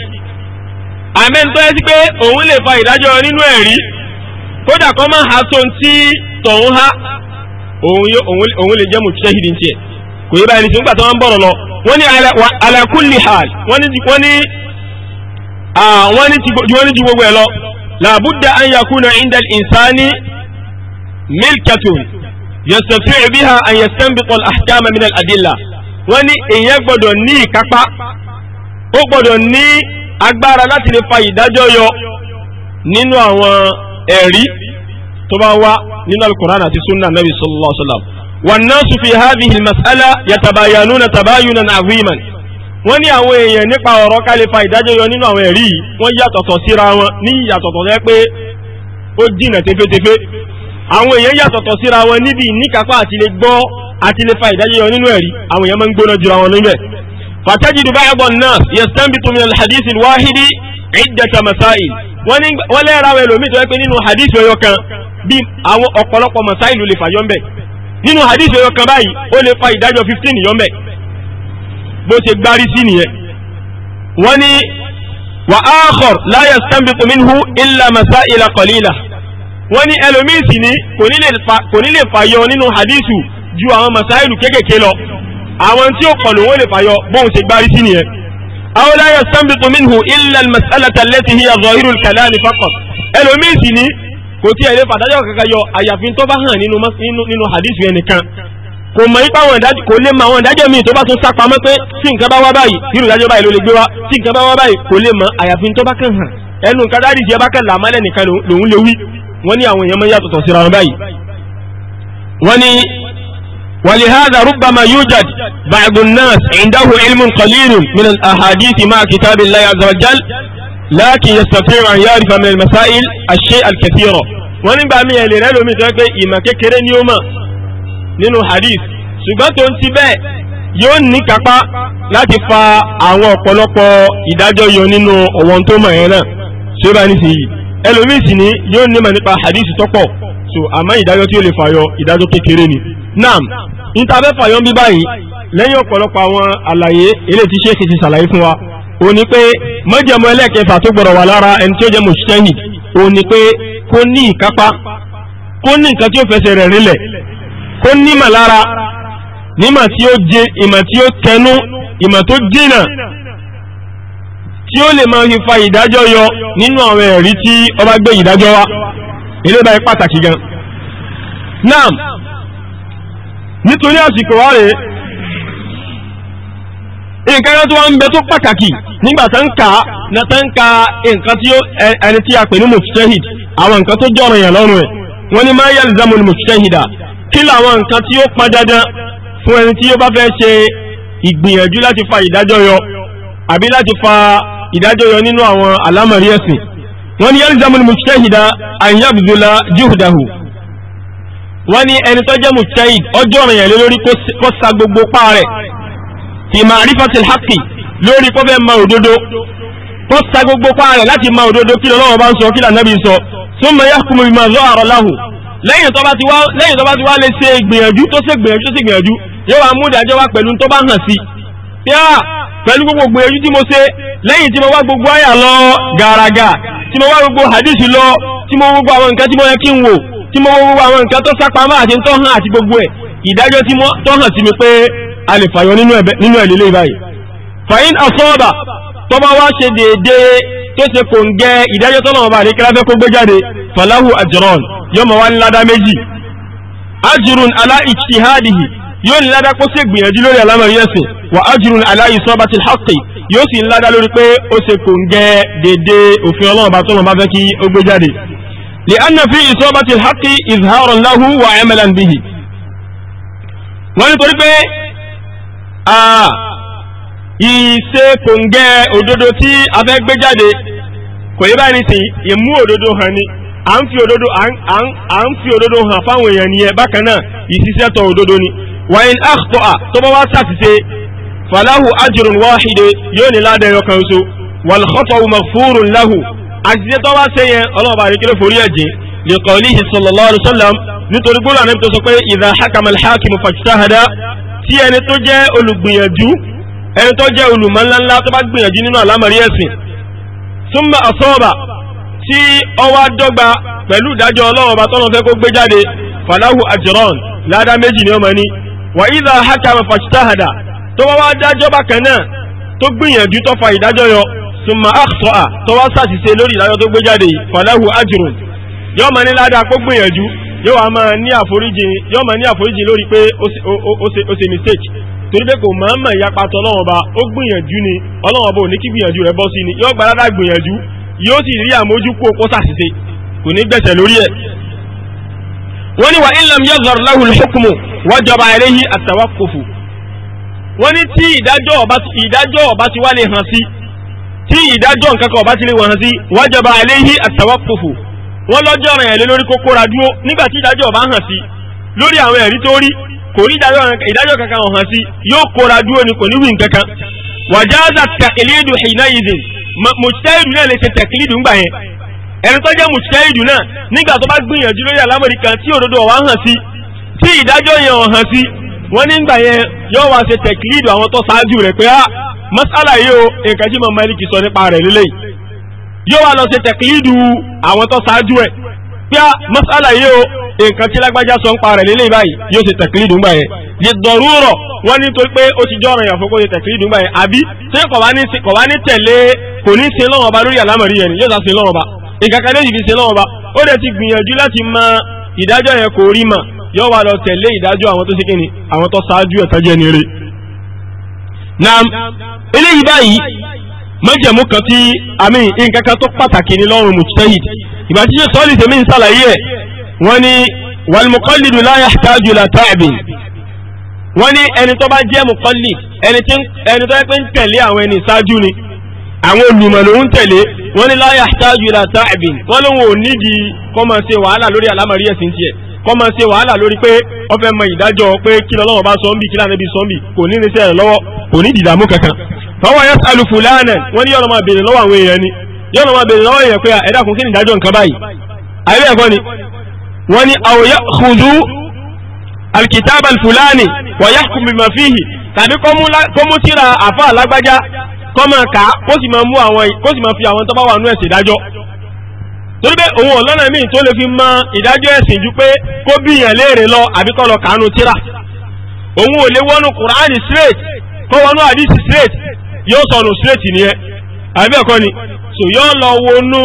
àmẹ́ni kò yí báyìí ní sìnkú àtàwọn bọ̀rọ̀ lọ wọ́n ní ala kulli hal wọ́n ní ju gbogbo ẹ̀ lọ làbúdà an yakuna inda al-insani milkatun yastati'u biha an yastanbita al-ahkama min al wọ́n ní èèyàn gbọ́dọ̀ ní ìkápá ó gbọ́dọ̀ ní agbára láti lè fa ìdájọ́ yọ nínú àwọn ẹ̀rí tó bá wá nínú al àti sunna nabi sallallahu alaihi wasallam والناس في هذه المسألة يتباينون تباينا عظيما wọ́n ní àwọn èèyàn nípa ọ̀rọ̀ kálẹ̀ fa ìdájọ́ yọ nínú àwọn ẹ̀rí wọ́n yàtọ̀tọ̀ síra wọn ní ìyàtọ̀tọ̀ rẹ pé ó dìnà tefetefe àwọn èèyàn yàtọ̀tọ̀ síra wọn níbi ìníkàpá àti lè gbọ́ àti lè fa ìdájọ́ yọ nínú ẹ̀rí àwọn èèyàn máa ń gbóná jura wọn níbẹ̀. fatajidu ba'da an-nas yastanbitu min al nínú hadith ẹ̀yọ kan báyìí ó lè fa ìdájọ́ fifteen yọ mẹ́ bó ṣe gbárí sí nìyẹn wọ́n ní wa akhar la yastanbitu minhu illa masaila qalila wọ́n ní ẹlòmíì sì ní kò ní lè fàyọ nínú hadithu ju àwọn masailu kéékèèké lọ àwọn tí ó kọlù wọ́n lè fàyọ bóun ṣe gbárí sí nìyẹn aw la yastanbitu minhu illa al-mas'alata allati ẹlòmíì sì ní kò tí ẹ̀rẹ́ fàdájọ́ kankan yọ àyàfin tó bá hàn nínú hadith yẹn nìkan kò mọ̀ ipa àwọn ìdájọ́ kò lè mọ àwọn ìdájọ́ míì tó bá tún sápamọ́ pé tí nǹkan bá wá báyìí irú ìdájọ́ báyìí ló lè gbé wá tí nǹkan bá wá báyìí kò lè mọ àyàfin tó bá kàn hàn ẹnu nǹkan dáàdì jẹ́ bá kàn làmálẹ̀ nìkan lòun lè wí wọ́n ní àwọn èèyàn mọ́ yàtọ̀tọ̀ síra wọn báyìí. wọ́n ní ولهذا ربما يوجد بعض الناس عنده علم قليل من الأحاديث مع كتاب الله عز وجل láàkì yẹsọ̀tẹ́ ìwà yáà rí family masáìl àṣẹ alkẹfìrọ̀ wọ́n nígbà mí ẹ̀lẹ́ rẹ̀ lómi sọ pé ìmọ̀ kékeré ni ó mọ̀ nínú hadith ṣùgbọ́n tó ń ti bẹ́ẹ̀ yóò ní kápá láti fa àwọn ọ̀pọ̀lọpọ̀ ìdájọ́ yọ nínú ọ̀wọ́n tó mọ̀ yẹn náà ṣé bá ní sí yìí ẹlòmíì sì ni yóò nímọ̀ nípa hadith tọ́pọ̀ so àmọ́ ìdájọ́ tí ó lè fàyọ ìdájọ́ kékeré ni nam níta fẹ́ fàyọ bí báyìí lẹ́yìn ọ̀pọ̀lọpọ̀ àwọn àlàyé eléyìí tí ṣéèkì ti ṣàlàyé fún wa ó ní pé májẹ̀mú ẹlẹ́kẹfà tó gbọ́dọ̀ wà lára ẹni tí ó jẹ́ mujtahid ó ní pé kó ní ìkápá kó ní nǹkan tí ó fẹsẹ̀ rẹ̀ rinlẹ̀ kó nímọ̀ lára nímọ̀ tí ó jẹ ìmọ̀ tí ó tẹnu ìmọ̀ tó jìnà tí ó lè máa fi fa ìdájọ́ yọ nínú àwọn ẹ̀rí tí ọba gbé ìdájọ́ wá ilé báyìí pàtàkì gan. naam nítorí àsìkò wa rèé nǹkan kan tó wá ń bẹ tó pàtàkì nígbà tá ń ka na tá ń ka nǹkan tí ẹni tí a pè ní mujtahid àwọn nǹkan tó jọ̀rọ̀ yàn lọ́rùn ẹ̀ wọ́n ní máa yalzamul mujtahida kí làwọn nǹkan tí ó pọn dandan fún ẹni tí ó bá fẹ́ ṣe ìgbìyànjú láti fa ìdájọ́ yọ àbí láti fa ìdájọ́ yọ nínú àwọn àlámọ̀rí ẹ̀sìn wọ́n ní yalzamul mujtahida an yabdula juhdahu wọ́n ní ẹni tó jẹ́ mujtahid ọjọ́ fi ma'rifatil haqqi lórí kó fẹ́ ma òdodo kó sa gbogbo pa rẹ̀ láti ma òdodo kí lọ́wọ́ bá ń sọ kí lànàbí sọ summa yahkumu bima zahara lahu lẹ́yìn tó bá ti wá lè ṣe ìgbìyànjú tó ṣe gbìyànjú tó ṣe gbìyànjú yóò wá mú ìdájọ́ wá pẹ̀lú tó bá hàn sí tí a ah, pẹ̀lú gbogbo gbìyànjú tí mo ṣe lẹ́yìn tí mo wá gbogbo àyà lọ gàràgà tí mo wá gbogbo hadisi lọ tí mo gbogbo àwọn nǹkan tí mo yẹ kí n wò tí mo gbogbo àwọn nǹkan tó sápamọ́ àti tó hàn àti gbogbo ẹ̀ ìdájọ́ tí mo tó hàn sí mi pé a lè fàyọ nínú ẹ̀lẹ́lẹ́ báyìí fàyín asọ́ọ̀bà tó bá wá ṣe déédé tó ṣe kò ń gẹ ìdájọ́ tọ́lọ̀ ọba àríkẹ́lá fẹ́ kó gbé jáde falahu ajron yóò mọ̀ wá ní ládá méjì ajrun ala ijtihadihi yóò ní ládá kó ṣe gbìyànjú lórí àlámọ̀rí ẹ̀sìn wà ajrun ala isabatil haqqi yóò sì ní ládá lórí pé ó ṣe kò ń gẹ déédé òfin ọlọ́run bá tọ́lọ̀ bá fẹ́ kí ó gbé jáde لأن في إصابة الحق إظهارا له وعملا به wọ́n ní torí pé ìṣe kòǹgẹ́ òdodo tí a fẹ́ gbé jáde kò yẹ báyìí sí ìmú òdodo hàn ni à ń fi òdodo à ń fi òdodo hàn fáwọn èèyàn nìyẹn bákan náà ìṣiṣẹ́ tọ̀ òdodo ni wàyín àkùtọ̀ tó bá wá ṣàṣìṣe falahu ajurun wáhídé yóò ní ládàá ẹyọ kan so wàlúkọ́tọ̀ magfurun lahu àṣìṣe tó bá ṣe yẹn ọlọ́ọ̀bà àríkèrè forí ẹ̀jẹ̀ lè kọ́ níhi sallallahu alaihi nítorí gbọ́dọ̀ àná tí ẹni tó jẹ́ olùgbìyànjú ẹni tó jẹ́ olùmọ̀ ńláńlá tó bá gbìyànjú nínú àlámọ̀rí ẹ̀sìn súnmọ́ àsọ́ọ̀bà tí ọwá dọ́gba pẹ̀lú ìdájọ́ ọlọ́run ọba tọ́nà fẹ́ kó gbé jáde falahu ajran ládá méjì ni ọmọ ní wà ìdá hakama fajtahada tó wá wá dájọ́ bákan náà tó gbìyànjú tó fa ìdájọ́ yọ súnmọ́ àkọ́à tó wá ṣàṣìṣe lórí ìdájọ́ tó gbé jáde falahu ajrun yọmọ ní ládá kó gbìyànjú yóò wá máa ní àforíjì yóò máa ní àforíjì lórí pé ó ṣe mistake torí pé kò máa ń mọ̀ ìyapa tọ́ ọlọ́run ọba ó gbìyànjú ni ọlọ́run ọba ò ní kí gbìyànjú rẹ̀ bọ́ sí ni yóò gbàdádá gbìyànjú yóò sì rí àmójú kú opó sàṣìṣe kò ní gbẹ̀sẹ̀ lórí ẹ̀. wọ́n ní wà ilẹ̀ mi yóò zọrọ̀ láhùn lókùnmù wọ́n jọba eléyìí àtàwákòfò wọ́n ní tí ìdájọ́ ọba ti wá lè hàn sí tí ìdájọ́ nǹkan kan ọba ti lè hàn sí wọ́n jọba eléyìí àtàwákòfò wọ́n lọ́jọ́ ọ̀ràn ẹ̀lẹ́ lórí kó kóra dúró nígbà tí ìdájọ́ ọba hàn sí lórí àwọn ẹ̀rí tó rí kò rí ìdájọ́ kankan hàn sí yóò kóra dúró ni kò ní wí nkankan. wàjáàzà ka eléèdù ìná yìí zìn mùsítáìdù náà lè ṣe tẹ̀kílìdù ńgbà yẹn ẹni tó jẹ́ mùsítáìdù náà nígbà tó bá gbìyànjú lórí àlámọ̀rí kan tí òdodo ọ̀wá hàn sí tí ìdájọ́ yẹn hàn sí wọ́n nígbà yẹn ah, masala yìí o nǹkan tí mọ̀ mẹ́líkì yóò wá lọ ṣe tẹ̀kílídù àwọn tó ṣáájú ẹ̀ pé masala yìí o nǹkan tí lágbájá sọ ń pa rẹ̀ lélẹ̀ báyìí yóò ṣe tẹ̀kílídù gbà yẹn lè dọ̀rú rọ̀ wọ́n ní torí pé ó ti jọ́ ọ̀rọ̀ yàn fún kó ṣe tẹ̀kílídù gbà yẹn àbí ṣé kò wá ní tẹ̀lé kò ní ṣe lọ́wọ́ ba lórí àlámọ̀rí yẹn ni yóò ṣe lọ́wọ́ ba nǹkan kan léyìí fi ṣe lọ́wọ́ ba ó dẹ̀ ti gbìyànjú láti mọ ìdájọ́ yẹn kò rí mà yóò wá lọ tẹ̀lé ìdájọ́ àwọn tó ṣe kíni àwọn tó ṣáájú ẹ̀ tọ́jú ẹni rẹ̀. nam eléyìí báyìí májẹ̀mú kan tí àmì nǹkan kan tó pàtàkì ní lọ́rùn mujtahid ìgbà tí yóò sọ́ọ́lì tèmi ń ṣàlàyé ẹ̀ wọ́n ní wàlmùkọ́lìdù la yahtaju la ta'bin wọ́n ní ẹni tó bá jẹ́ mùkọ́lì ẹni tó yẹ pé ń tẹ̀lé àwọn ẹni ṣáájú ni àwọn olùmọ̀ ló ń tẹ̀lé wọ́n ní la yahtaju la ta'bin wọ́n ló ń wò nídìí kó máa ṣe wàhálà lórí àlámọ̀rí ẹ̀sìn tiẹ̀ kó máa ṣe wàhálà lórí pé ó fẹ́ mọ ìdájọ́ pé kí lọ́wọ́ bá sọ́ńbì kí lánàbí sọ́ńbì kò ní ní sẹ́yìn lọ́wọ́ kò ní dìdààmú kankan fọwọ́ yẹ sàlù fúlànà wọ́n ní yọ̀nà máa bèèrè lọ́wọ́ àwọn èèyàn ni yọ̀nà máa bèèrè lọ́wọ́ èèyàn pé ẹ̀dá kún kí ni ìdájọ́ nǹkan báyìí àbẹ́ ẹ̀kọ́ ni wọ́n ní àwòyẹ kùdú alkitaba fúlànì wọ́n yẹ kùmí mà fíhì tàbí kọ́mú tíra àfa alágbájá kọ́ máa kà á kó sì máa fi àwọn tó wà nú ẹ̀sìn ìdájọ́ torí pé òun ọ̀lọ́nà míì tó lè fi mọ ìdájọ́ ẹ̀sìn ju pé kó bíyàn léèrè lọ àbí kọ́ lọ kàánú tíra òun ò lè wọnú kùránì straight kọ́ wọnú àdìsí straight yóò sọnù síréètì ni ẹ àbí ẹ̀kọ́ ni so yóò lọ wọnú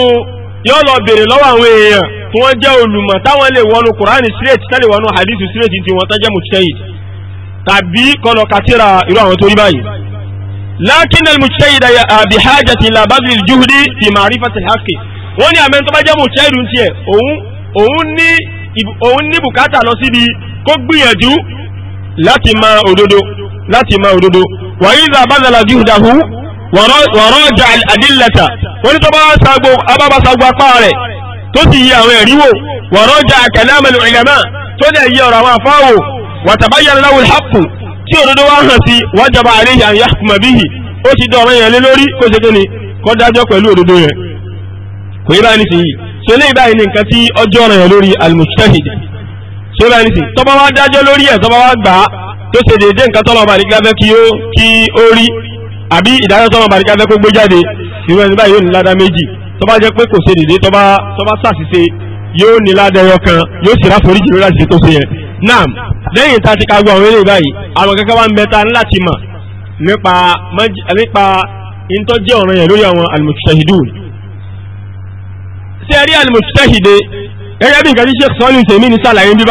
yóò lọ béèrè lọ́wọ́ àwọn èèyàn tí wọ́n jẹ́ olùmọ̀ táwọn lè wọnú kùránì síréètì tẹ́lẹ̀ wọnú hadith síréètì tí wọ́n tán jẹ́ lakin al-mujtahid bihajati ila badli al-juhdi fi ma'rifati al-haqq wọ́n ní àmẹ́ tó bá jẹ́ mujtahid ń tiẹ̀ òun ní bùkátà lọ síbi láti mọ òdodo láti mọ òdodo wàyí ìzà abájàlá bí ìdáhù wọ̀rọ̀ ọjà àdílẹ̀tà wọ́n ní tó bá abábasago apá rẹ̀ tó sì yí àwọn ẹ̀rí wò wọ̀rọ̀ ọjà àkàlámẹ̀lú ìlẹ̀mà tó dẹ̀ yí ọ̀rọ̀ àwọn afáwò wàtàbáyà láwùl hapù tí òdodo wá hàn sí wájàbá àríyà ń yàkùmọ̀ bíhì ó ti dọ̀rọ̀ yẹn lé lórí kó ṣe kéne kó dájọ́ pẹ̀lú òdodo yẹn kò yí báyìí nísìnyí so lè báyìí ní nǹkan tí ọjọ́ rẹ̀ lórí al-mujtahid báyìí nísìnyí tọ́ba wá dájọ́ lórí ẹ̀ tọ́ba wá gbà á tó ṣe déédéé nǹkan tọ́lọ̀ ọba àdìgbà fẹ́ kí ó rí àbí ìdájọ́ tọ́lọ̀ ọba àdìgbà fẹ́ kó gbé jáde irú ẹni báyìí yóò ní ládá méjì tó bá jẹ́ pé kò ṣe déédéé tó bá ṣàṣìṣe yóò ní ládá ẹyọ kan yóò sì ráforíjì lórí àṣìṣe tó ṣe yẹn naam lẹ́yìn tá a ti ka gbọ́ àwọn eré báyìí àwọn kankan wá ń bẹ ta láti mọ̀ nípa nípa ìtọ́jẹ́ ọ̀ràn yẹn lórí àwọn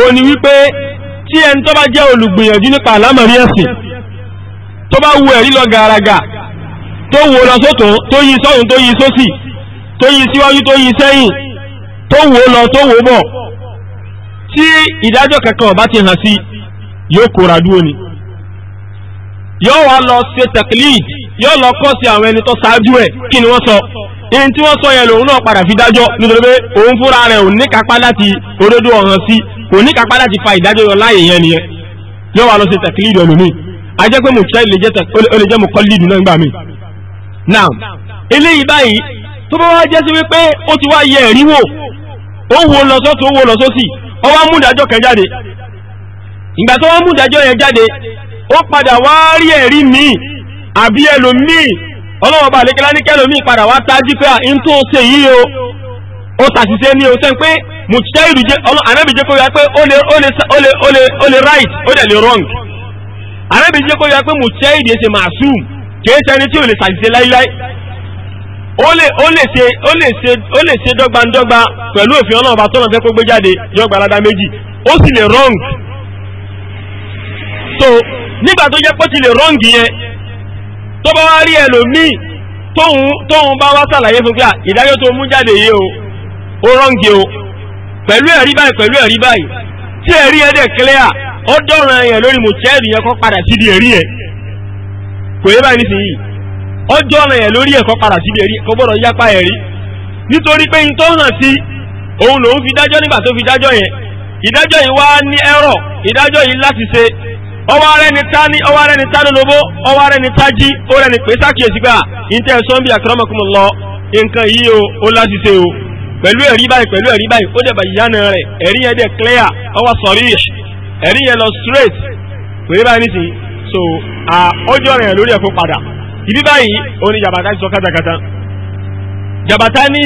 al ni wípé tí ẹni tó bá jẹ́ olùgbìyànjú nípa àlámọ̀rí ẹ̀sìn tó bá wu ẹ̀rí lọ gàràgà tó wo lọ sótò tó yí sọ́hùn tó yí sósì tó yí síwájú tó yí sẹ́yìn tó wo lọ tó wo bọ̀ tí ìdájọ́ kankan bá ti hàn sí yóò kóra dúró ni yóò wá lọ ṣe tẹ̀kílíìdì yóò lọ kọ́ sí àwọn ẹni tó ṣáájú ẹ̀ kí ni wọ́n sọ. in tí wọ́n sọ yẹn lòun náà padà fi dájọ́ nítorí pé òun fúnra rẹ̀ ò láti òdodo ọ̀ràn sí kò níkápá láti fa ìdájọ́ yọ láàyè yẹn nìyẹn yóò lọ sí tẹ̀kílì ìdọ̀lù mi a jẹ́ pé lè jẹ́ kọ́ náà gbà mí. eléyìí báyìí tó bá jẹ́ sí wípé ó ti wá yẹ ẹ̀rí wò ó wo ó wo ó wá ọlọ́wọ́ bá lékelá ní kẹ́lòmí padà wá tájí pé à ń tó ṣe yìí o ó tàṣìṣe ní o ṣe ń pé mùtíṣẹ́ ìrùjẹ́ anábìjẹ́ kó yá pé ó lè right ó dẹ̀ lè wrong anábìjẹ́ kó yá pé mùtíṣẹ́ ìdí ṣe màṣúù kìí ṣe ẹni tí ò lè ṣàṣìṣe láíláí ó lè ṣe dọ́gbandọ́gba pẹ̀lú òfin ọlọ́ọ̀bá tó lọ́n fẹ́ kó gbé jáde yọgbà aládá méjì ó sì lè wrong so nígbà tó jẹ́ pọ́ ti lè wrong yẹn tó bá wá rí ẹlòmíì tóun bá wá sàlàyé fún pé ìdájọ́ tó mú jáde yìí o ó rọ́ǹgì pẹ̀lú ẹ̀rí báyìí pẹ̀lú ẹ̀rí báyìí tí ẹ̀rí ẹ̀dẹ̀ clear ó dọ̀ràn yẹn lórí mo yẹn kọ́ padà síbi ẹ̀rí yẹn kò yé báyìí nísìnyí ó yẹn lórí ẹ̀kọ́ padà síbi ẹ̀rí kò gbọ́dọ̀ ọwọ́ rẹ̀ ni ta ní ọwọ́ rẹ̀ ni ta lólobó ọwọ́ rẹ̀ ni ta jí ó rẹ̀ ni pé sákìyèsí gbà ìtẹ̀ sọ́ńbì àkàràmọ̀kùnmọ̀ lọ nǹkan yìí o ó láṣìṣe o pẹ̀lú ẹ̀rí báyìí pẹ̀lú ẹ̀rí báyìí ó dẹ̀bà ìyána rẹ̀ ẹ̀rí yẹn dẹ̀ clear ọwọ́ sọ̀rí ẹ̀rí yẹn lọ straight kò yé báyìí nísìnyí so ọjọ́ rẹ̀ lórí ẹ̀kọ́ padà ibi báyìí ó ní jàbàtà sọ kátàkátà jàbàtà ní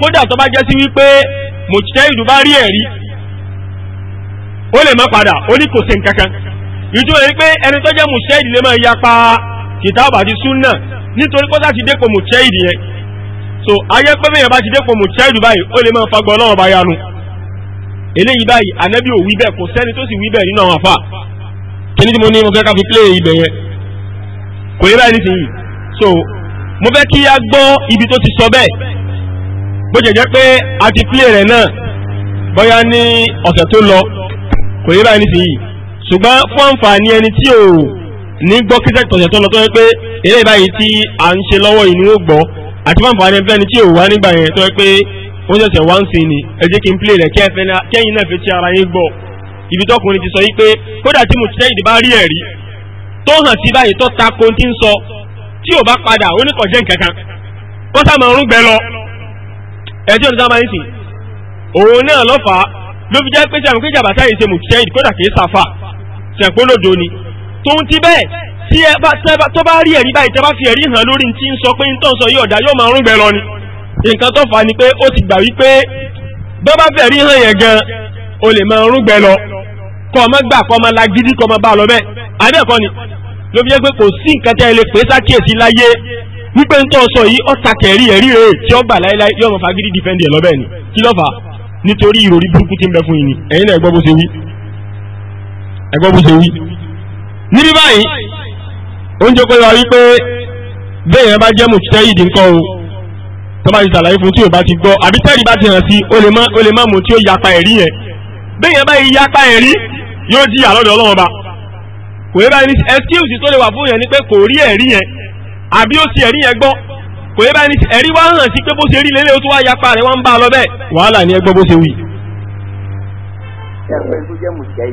kódà tó bá jẹ́ sí wípé mòtítẹ́ ìdùbá rí ẹ̀rí ó lè má padà ó ní kò sí nǹkankan ìtumọ̀ yìí pé ẹni tó jẹ́ mùsẹ́ẹ̀dì lè máa yapa kìtàbù àti súnà nítorí pé láti dépò mùsẹ́ẹ̀dì yẹn so ayé pé bẹ́yẹn bá ti dépò mùsẹ́ẹ̀dì báyìí ó lè máa fagbọ́ ọlọ́run bá yanu eléyìí báyìí ànábì ò wí bẹ́ẹ̀ kò sẹ́ni tó sì wí bẹ́ẹ̀ nínú àwọn àfà kíní tí mo ní mo fẹ́ ká fi play ibẹ̀ yẹn kò yẹ báyìí nísìnyí so mo fẹ́ kí a gbọ́ ibi tó ti sọ bẹ́ẹ̀ bó jẹ́ jẹ́ pé a ti play rẹ̀ náà bóyá ní ọ̀sẹ̀ tó lọ kò yẹ báyìí nísìnyí ṣùgbọ́n fún àǹfààní ẹni tí ò ní gbọ́ kí sẹ́kítọ̀ ṣẹ̀tọ́ lọ tó yẹ pé eré báyìí tí à ń ṣe lọ́wọ́ yìí ni ó gbọ́ àti fún àǹfààní ẹni tí ò wá nígbà yẹn tó yẹ pé wọ́n ṣẹ̀ṣẹ̀ wá ń sìn ni ẹ jẹ́ kí n plé rẹ̀ kẹ́yìn náà fi ti ara yín gbọ́ ibi tọkùnrin ti sọ yìí pé kódà tí mo ti sẹ́yìn bá rí ẹ̀rí tó hàn sí báyìí tó ta ko ti ń sọ tí ò bá padà ó ní kò jẹ́ nǹkan kan ó sá máa ń rúgbẹ lọ ẹjọ́ ní sábà ń sìn òun náà lọ́fà ló fi jẹ́ pé sẹ́yìn pé jàbá ṣe mo ti sẹ́yìn kódà kì í sàfà tẹ̀pólòdò ni tóun ti bẹ́ẹ̀ tí ẹ bá tó bá rí ẹ̀rí báyìí tẹ́ bá fi ẹ̀rí hàn lórí tí ń sọ pé ń tọ́sọ yí ọ̀dà yóò máa rún gbẹ lọ ni nǹkan tó fà á ni pé ó ti gbà wípé bọ́ bá fẹ̀rí hàn yẹn gan o lè máa rún gbẹ lọ kọ́ ọmọ gbà kọ́ ọmọ lagídí kọ́ ọmọ bá lọ bẹ́ẹ̀ adẹ́kọ́ ni ló fi jẹ́ pé kò sí nǹkan tẹ́ ẹ lè pè é sákìyèsí láyé wípé ń tọ́sọ yí ọ̀tà kẹ̀rí ẹ̀rí rẹ̀ tí ó gbà láyé yóò máa fagídí dìfẹ́ndì ẹ̀ lọ́bẹ̀ ni kí ló fà nítorí ìròrí burúkú ti ń bẹ fún yìí ni ẹ̀yin náà gbọ́ bó ṣe wí ẹgbẹ́ bó ṣe wí. níbi báyìí oúnjẹ kọ́ yọ wípé bẹ́ẹ̀ yẹn bá jẹ́ mùtítẹ́ yìí nǹkan o tó bá ti ṣàlàyé fún tí o bá ti gbọ́ àbí tẹ́rì bá ti hàn sí o lè má mú tí ó yapa ẹ̀rí yẹn bẹ́ẹ̀ yẹn báyìí yapa ẹ̀rí yóò di àlọ́dọ̀ ọlọ́run ba kò yẹ báyìí excuse tó lè wà fún yẹn ni pé kò rí ẹ̀rí yẹn àbí ó ti ẹ̀rí yẹn gbọ́ kò yẹ báyìí ẹ̀rí wá hàn sí pé bó ṣe rí lélẹ̀ ó tó wá yapa rẹ̀ wá ń bá a lọ bẹ́ẹ̀ wàhálà ni ẹgbọ́ bó ṣe wí. ẹgbẹ́ tó jẹ́ mùtítẹ́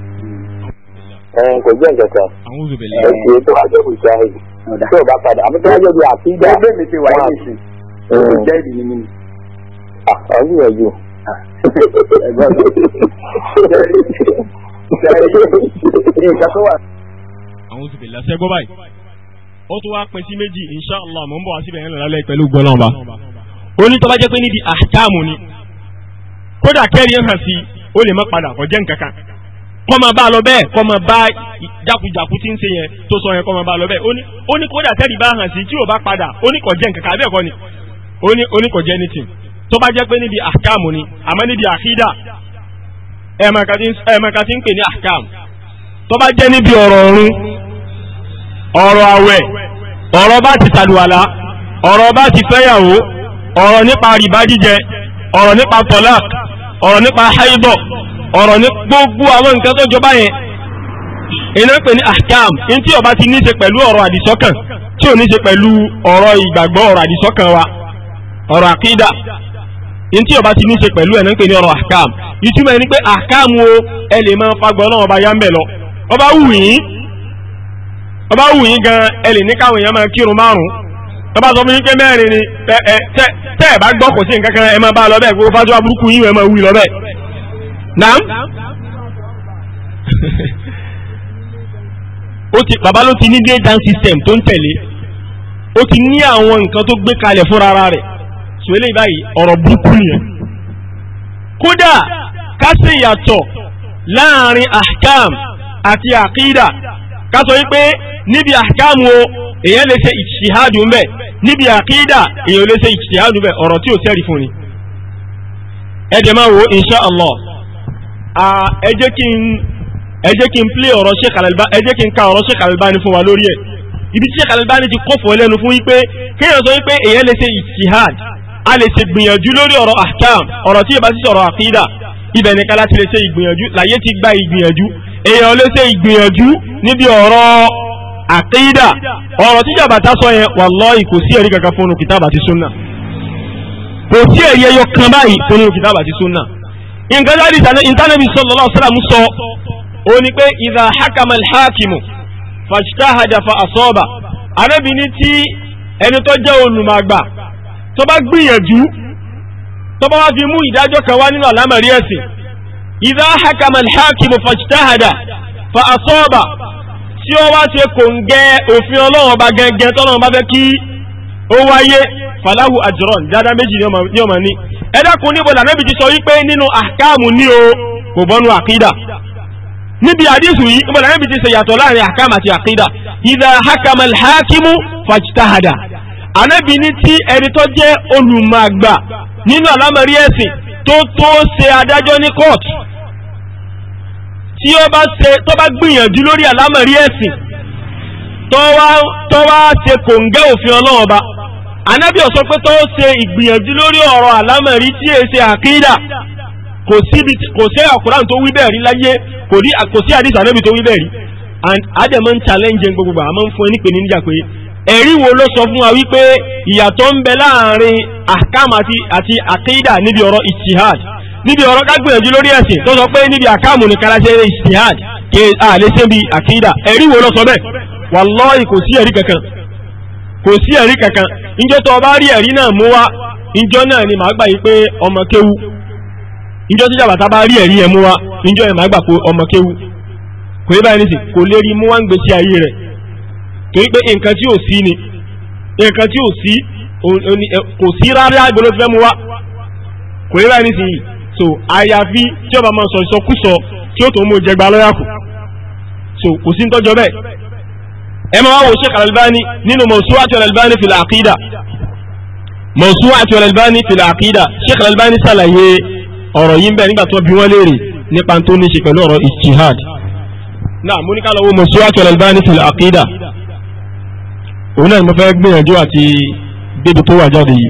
kò jẹ́ nǹkan kan ẹ̀sìn tó wájú kò ṣáájú tí o bá padà àmì tó wájú bí àfíjà ẹgbẹ́ mi ti wà ní ìsìn kò jẹ́ ìdí ni mímu. ọ̀hún yẹn jù. nǹkan tó wà. àwọn oṣù bẹ̀rẹ̀ lásẹ̀ gbọ́ báyìí ó tún wáá pín méjì inshàlá mò ń bọ̀ wá síbẹ̀ yẹn lọ́lẹ́ pẹ̀lú gbọ́lọ́mba ó ní tó jẹ́ pé níbi àkàmù ni kódà kẹ́rì ẹ̀ hàn sí ó lè má padà kọjá nǹkan kan kọ́ máa bá lọ bẹ́ẹ̀ kọ́ máa bá jákujàku tí ń ṣe yẹn tó sọ yẹn kọ́ máa bá lọ bẹ́ẹ̀ ó ní kódà tẹ́lẹ̀ bá hàn sí tí ò bá padà ó ní kò jẹ́ nǹkan abẹ́ẹ̀kọ́ ni ó ní kò jẹ́ anything tó bá jẹ́ pé níbi ahkam ni àmọ́ níbi àkídà ẹ̀ẹ̀mẹ̀ka ti ń pè ní ahkam tó bá jẹ́ níbi ọ̀rọ̀ ọ̀run ọ̀rọ̀ àwẹ̀ ọ̀rọ̀ bá ti tàlùwàlá ọ̀rọ̀ bá ti fẹ́yàwó ọ̀rọ̀ nípa rìbá jíjẹ ọ̀rọ̀ ọ̀rọ̀ ní gbogbo àwọn nǹkan tó jọba yẹn iná pè ní ahkam ní tí ó bá ti níṣe pẹ̀lú ọ̀rọ̀ àdìsọ́kàn tí ò níṣe pẹ̀lú ọ̀rọ̀ ìgbàgbọ́ ọ̀rọ̀ àdìsọ́kàn wa ọ̀rọ̀ àkídà ní tí ó bá ti níṣe pẹ̀lú ẹ̀ ní pè ní ọ̀rọ̀ ahkam ìtumọ̀ ni pé ahkam o ẹ lè máa fagbọ́ náà ọba yánbẹ̀ lọ ọba wù yín ọba wù yín gan ẹ lè ní káwọn èèyàn máa kírun márùn tọ́ba sọ fún yín pé mẹ́rin ni tẹ́ ẹ̀ bá gbọ́ kò sí nǹkan kan ẹ máa bá lọ bẹ́ẹ̀ gbogbo fájọ́ aburúkú yín ẹ máa wí lọ bẹ́ẹ̀ naam o ti baba ló ti ní day down system tó ń tẹ̀lé ó ti ní àwọn nǹkan tó gbé kalẹ̀ fúnra ara rẹ̀ sọ báyìí ọ̀rọ̀ burúkú nìyẹn kódà ká yàtọ̀ láàrin ahkam àti àkídà ká sọ wípé níbi ahkam o èèyàn lè ṣe níbi ọ̀rọ̀ tí ò fún ni wo ẹ jẹ́ kí n ẹ jẹ́ kí n plé ọ̀rọ̀ Sheikh Al-Albani ẹ jẹ́ kí n ka ọ̀rọ̀ Sheikh Al-Albani fún wa lórí ẹ̀ ibi tí Sheikh Al-Albani ti kọ́ fọ́ lẹ́nu fún wípé kéèyàn sọ wípé èèyàn lè ṣe ijtihad a lè ṣe gbìyànjú lórí ọ̀rọ̀ ahkam ọ̀rọ̀ tí yóò bá sì sọ̀rọ̀ àkídà ibẹ̀ nìkan láti lè ṣe ìgbìyànjú láyé ti gba ìgbìyànjú èèyàn lè ṣe ìgbìyànjú níbi ọ̀rọ̀ àkídà ọ̀rọ̀ tí jàbàtà sọ yẹn wallahi kò sí ẹ̀rí kankan fún un kìtàbà ti súnà kò sí ẹ̀rí ẹyọ kan báyìí fún un kìtàbà ti súnà nǹkan láti ìtànàbí sallallahu alaihi wasallam sọ ó ní pé idha hakama al-hakimu fajtahada fa asaba arábìnrin tí ẹni tó jẹ́ olùmọ̀gbà tó bá gbìyànjú tó bá wá fi mú ìdájọ́ kan wá nínú àlámọ̀rí ẹ̀sìn idha hakama al-hakimu fajtahada fa asaba tí ó wá ṣe kòǹgẹ́ òfin ọlọ́run ọba gẹ́gẹ́ tọ́lọ́run bá fẹ́ kí ó wáyé falahu ajran dáadáa méjì ní ọmọ ní ẹ̀dàkùn níbo lànàbì ti sọ wípé nínú àkáàmù ní o kò bọ́nu àkídà níbi àdísù yìí níbo lànàbì ti ṣe yàtọ̀ láàrin àkáàmù àti àkídà ìdá hakama alhakimu fajtahada ànábì ní tí ẹni tó jẹ́ olùmọ̀gbà nínú àlámọ̀rí ẹ̀sìn tó tó ṣe adájọ́ ní kóòtù tí ó bá ṣe tó bá gbìyànjú lórí àlámọ̀rí ẹ̀sìn tó wá ṣe kòǹgẹ́ òfin ọlọ́wọ́ anábì ọ̀sọ́ pé tó ṣe ìgbìyànjú lórí ọ̀rọ̀ àlámẹ̀rí tí è ṣe àkídà kò sí àkùrán tó wí bẹ́ẹ̀ rí láyé kò sí àdìs anábì tó wí bẹ́ẹ̀ rí ń challenge gbogbo àmọ́ ń fún ẹni pè ní níjà pé ẹ̀rí wo ló sọ fún wa wípé ìyàtọ̀ ń bẹ láàrin ahkam àti àkídà níbi ọ̀rọ̀ ijtihad níbi ọ̀rọ̀ kágbìyànjú lórí ẹ̀sìn tó sọ pé níbi àkàmù ní kárasẹ́ ijtihad kí a lè ṣe bí àkídà ẹ̀rí wo ló sọ bẹ́ẹ̀ wallahi kò ẹ̀rí kankan kò sí ẹ̀rí kankan níjọ́ tó bá rí ẹ̀rí náà mú wá náà ni màá gbà yí pé ọmọ kéwu níjọ́ tí jàbàtà bá rí ẹ̀rí yẹn mú wá níjọ́ yẹn màá gbà pé ọmọ kéwu kò yí báyìí nísì kò lè rí mú wá ń gbèsè ayé rẹ̀ torí pé nǹkan tí ò ni nǹkan tí ò sí kò sí rárá fẹ́ mú so àyàfi tí ọba máa sọ ìsọkúsọ tí ó tó mú lọ́yà so kò sí ń ẹ máa wò Sheikh Al-Albani nínú mawsu'at Al-Albani fil aqida mawsu'at Al-Albani fil aqida Sheikh Al-Albani ṣàlàyé ọ̀rọ̀ yìí ń bẹ nígbà tó bí wọ́n léèrè nípa tó ní ṣe pẹ̀lú ọ̀rọ̀ ijtihad náà mo ní ká lọ wo mawsu'at Al-Albani fil aqida òun náà mo fẹ́ gbìyànjú àti débi tó wà jáde yìí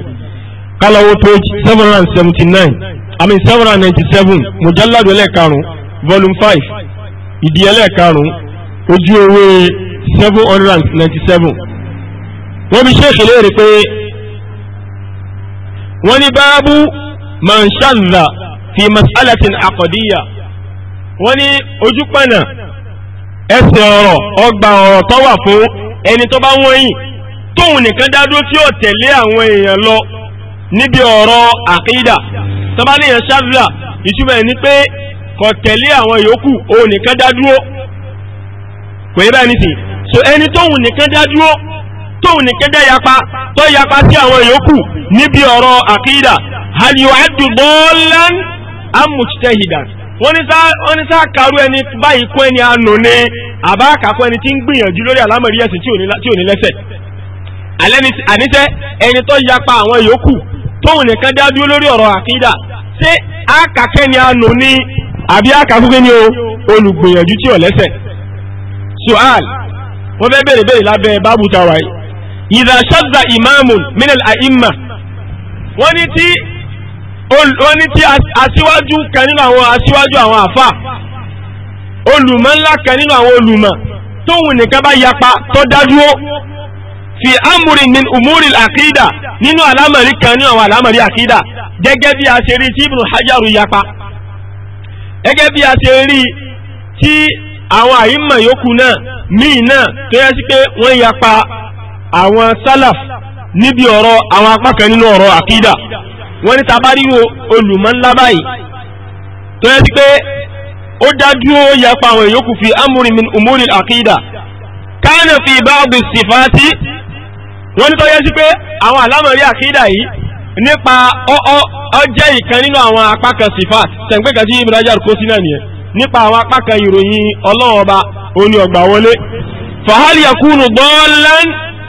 ká lọ wo page seven hundred and seventy nine I mean seven hundred and ninety seven mujalladu ẹlẹ́ẹ̀karùn-ún volume five ìdí ẹlẹ́ẹ̀karùn-ún ojú ewé seven hundred and ninety seven wọ́n fi ṣéèkì léèrè pé wọ́n ní báábù manṣáàlá fi masalatin akọ̀díyà wọ́n ní ojúpọ̀nà ẹsẹ̀ ọ̀rọ̀ ọgbà ọ̀rọ̀ tó wà fún ẹni tó bá wọ́nyìn tóun nìkan dádó tí ó tẹ̀lé àwọn èèyàn lọ níbi ọ̀rọ̀ àkídà tó bá ìtumọ̀ ẹ̀ pé kò tẹ̀lé àwọn yòókù òun nìkan dádúró kò yẹ báyìí nísìnyí so ẹni tóun nìkan dá dúró tóun nìkan dá yapa tó yapa sí àwọn yòókù níbi ọ̀rọ̀ àkídà hal yu'addu dhallan am mujtahidan wọ́n ní sáà kàrú ẹni báyìí kó ẹni àánú ní àbá àkàkọ́ ẹni tí ń gbìyànjú lórí àlámọ̀rí ẹ̀sìn tí ò ní lẹ́sẹ̀ àníṣẹ́ ẹni tó yapa àwọn yòókù tóun nìkan dá dúró lórí ọ̀rọ̀ àkídà ṣé àkàkẹ́ni àánú ní àbí àkàkúkẹ́ ni olùgbìyànjú tí ò lẹ́sẹ̀ su'al wọ́n fẹ́ bèrè bèrè lábẹ́ báàbù tàwa yìí ìdá ṣáza ìmáàmù minal àìmà wọ́n ní tí wọ́n ní tí aṣíwájú kan nínú àwọn aṣíwájú àwọn àfà olùmọ̀ ńlá kan nínú àwọn olùmọ̀ tóun nìkan bá yapa tó dádúró fi amúrin min umúri àkídà nínú àlámọ̀rí kan nínú àwọn àlámọ̀rí àkídà gẹ́gẹ́ bí a ṣe rí tí ibùn hajaru yapa gẹ́gẹ́ bí a ṣe rí tí àwọn àyímọ̀ yòókù náà míì náà tó yẹ sí pé wọ́n yapa àwọn sálàf níbi ọ̀rọ̀ àwọn apá kan nínú ọ̀rọ̀ àkídà wọ́n ní tabaríwo olùmọ̀ báyìí tó yẹ sí pé ó dájú ó yapa àwọn yòókù fi amúri min umuri àkídà káàna fi báàbù sìfàtì wọ́n ní tó yẹ sí pé àwọn àlámọ̀rí àkídà yìí nípa ọ̀ọ́ ọjẹ́ ìkan nínú àwọn apá kan sìfàtì tẹ̀ǹpẹ́ sí Ibn Hajar kó sí náà nìyẹn nípa àwọn apá kan ìròyìn ọba oní ọgbà wọlé fahal yakunu dọ́ọ̀lán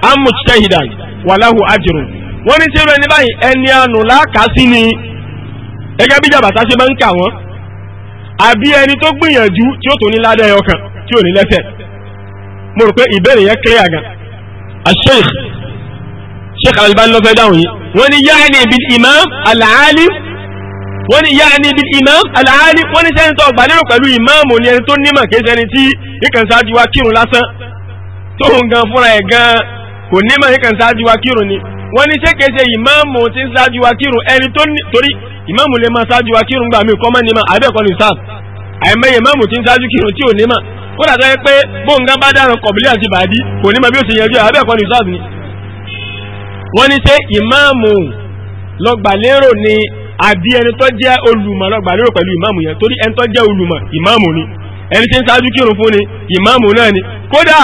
amujtahidan wàláhù ajrun wọ́n ní sẹ́rọ ẹni báyìí ẹni ànù láàkásí ni gẹ́gẹ́ bí jàbàtà ṣe máa ń kà wọ́n àbí ẹni tó gbìyànjú tí ó tó ní ládàá tí ò ní lẹ́sẹ̀ mo rò pé ìbéèrè yẹn dáhùn wọ́n ni yá ẹni bí imam aláàlì wọ́n ni sẹ́ni tó gbàlérò pẹ̀lú ìmáàmù ni ẹni tó nímọ̀ kí sẹ́ni tí ìkàn sáájú lásán tó ń gan fúnra ẹ̀ gan kò nímọ̀ ìkàn sáájú ni wọ́n ni sẹ́kẹ̀ ṣe ìmáàmù tí ń sáájú wa kírun ẹni tó ní torí ìmáàmù lè máa sáájú wa kírun gbà mí kọ́mọ́ nímọ̀ abẹ́ẹ̀kọ́ ní sáà àìmọye ìmáàmù tí ń sáájú kírun tí ò nímọ̀ ó dàtọ́ yẹ pé bóńgá bá dáran kọ̀bílẹ̀ àti bàdí kò nímọ̀ bí ó ṣe yẹjú abẹ́ẹ̀kọ́ ní sáà ni wọ́n ni lọ́gbàlérò ni àbí ẹni tó jẹ́ olùmọ̀ lọ́gbà lérò pẹ̀lú ìmáàmù yẹn torí ẹni tó jẹ́ olùmọ̀ ìmáàmù ni ẹni tí ń ṣáájú kírun fún ni ìmáàmù náà ni kódà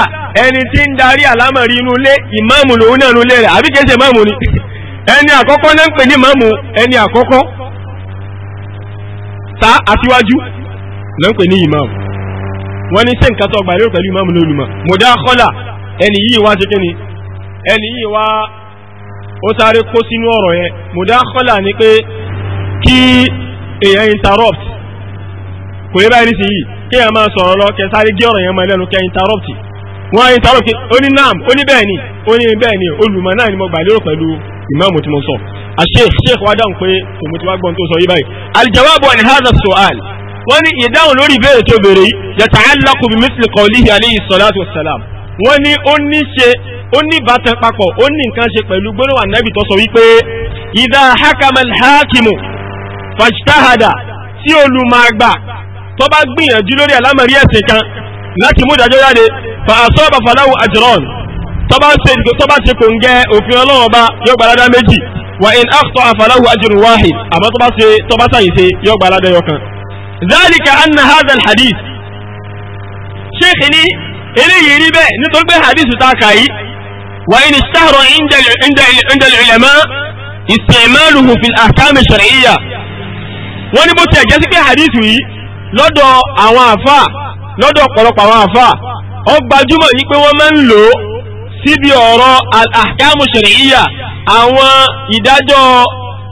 ẹni tí ń darí àlámọ̀rí inú ilé ìmáàmù lòun náà nú rẹ̀ àbí kìí ṣe ìmáàmù ni ẹni àkọ́kọ́ náà ń pè ní ìmáàmù ẹni àkọ́kọ́ ta àtiwájú náà ń pè ní ìmáàmù wọ́n ní sẹ́ǹkà tó gbà lérò pẹ̀lú ìmáàmù ní olùmọ̀ mọ̀dákọ́là ẹni yìí wá ṣe kí ni ẹni yìí wá ó sáré kó sínú ọ̀rọ̀ yẹn mọ̀dákọ́là ni pé kí èèyàn interrupt kò yẹ báyìí nísìnyí kéèyàn máa sọ̀rọ̀ lọ kẹsàrí gé ọ̀rọ̀ yẹn máa lẹ́nu kẹ́ interrupt wọ́n á interrupt ó ní naam ó ní bẹ́ẹ̀ ni ó ní bẹ́ẹ̀ ni olùmọ̀ náà ni mo gbà lérò pẹ̀lú ìmáàmù tí mo sọ àṣe sheikh wa dáhùn pé tòmù tí wàá gbọ́n tó sọ yí báyìí aljawabu an hadha su'al wọ́n ní ìdáhùn lórí ìbéèrè tó béèrè yìí yata'allaqu bi mithli qawlihi alayhi salatu wassalam wọ́n ní ó ní ṣe ó ní ìbátan papọ̀ ó ní nǹkan ṣe pẹ̀lú gbólóhùn ànábì tó sọ wípé idha hakama al-hakimu fàṣtáhàdà tí olùmọ̀gbà tó bá gbìyànjú lórí alámọ̀rí ẹ̀sìn kan láti mú ìdájọ́ jáde fa àsọ́ọ̀bà fàláwù àjọrọ̀n tó bá ṣe tó bá ṣe kò ń gẹ òfin ọlọ́run ọba yóò gba ládá méjì wà in akhtọ̀ àfàláwù àjọrùn wáhì àmọ́ tó bá ṣe tó bá sàyìn ṣe yóò gba ládá yọ kan. zálìkà anna hadha hadith sheikh ni eléyìí wọ́n ní bó ti ẹ̀jẹ́ sí pé hadithu yìí lọ́dọ̀ àwọn àfà lọ́dọ̀ ọ̀pọ̀lọpọ̀ àwọn àfà ó gbajúmọ̀ yìí pé wọ́n máa ń lò ó síbi ọ̀rọ̀ al-ahkamu shari'iyya àwọn ìdájọ́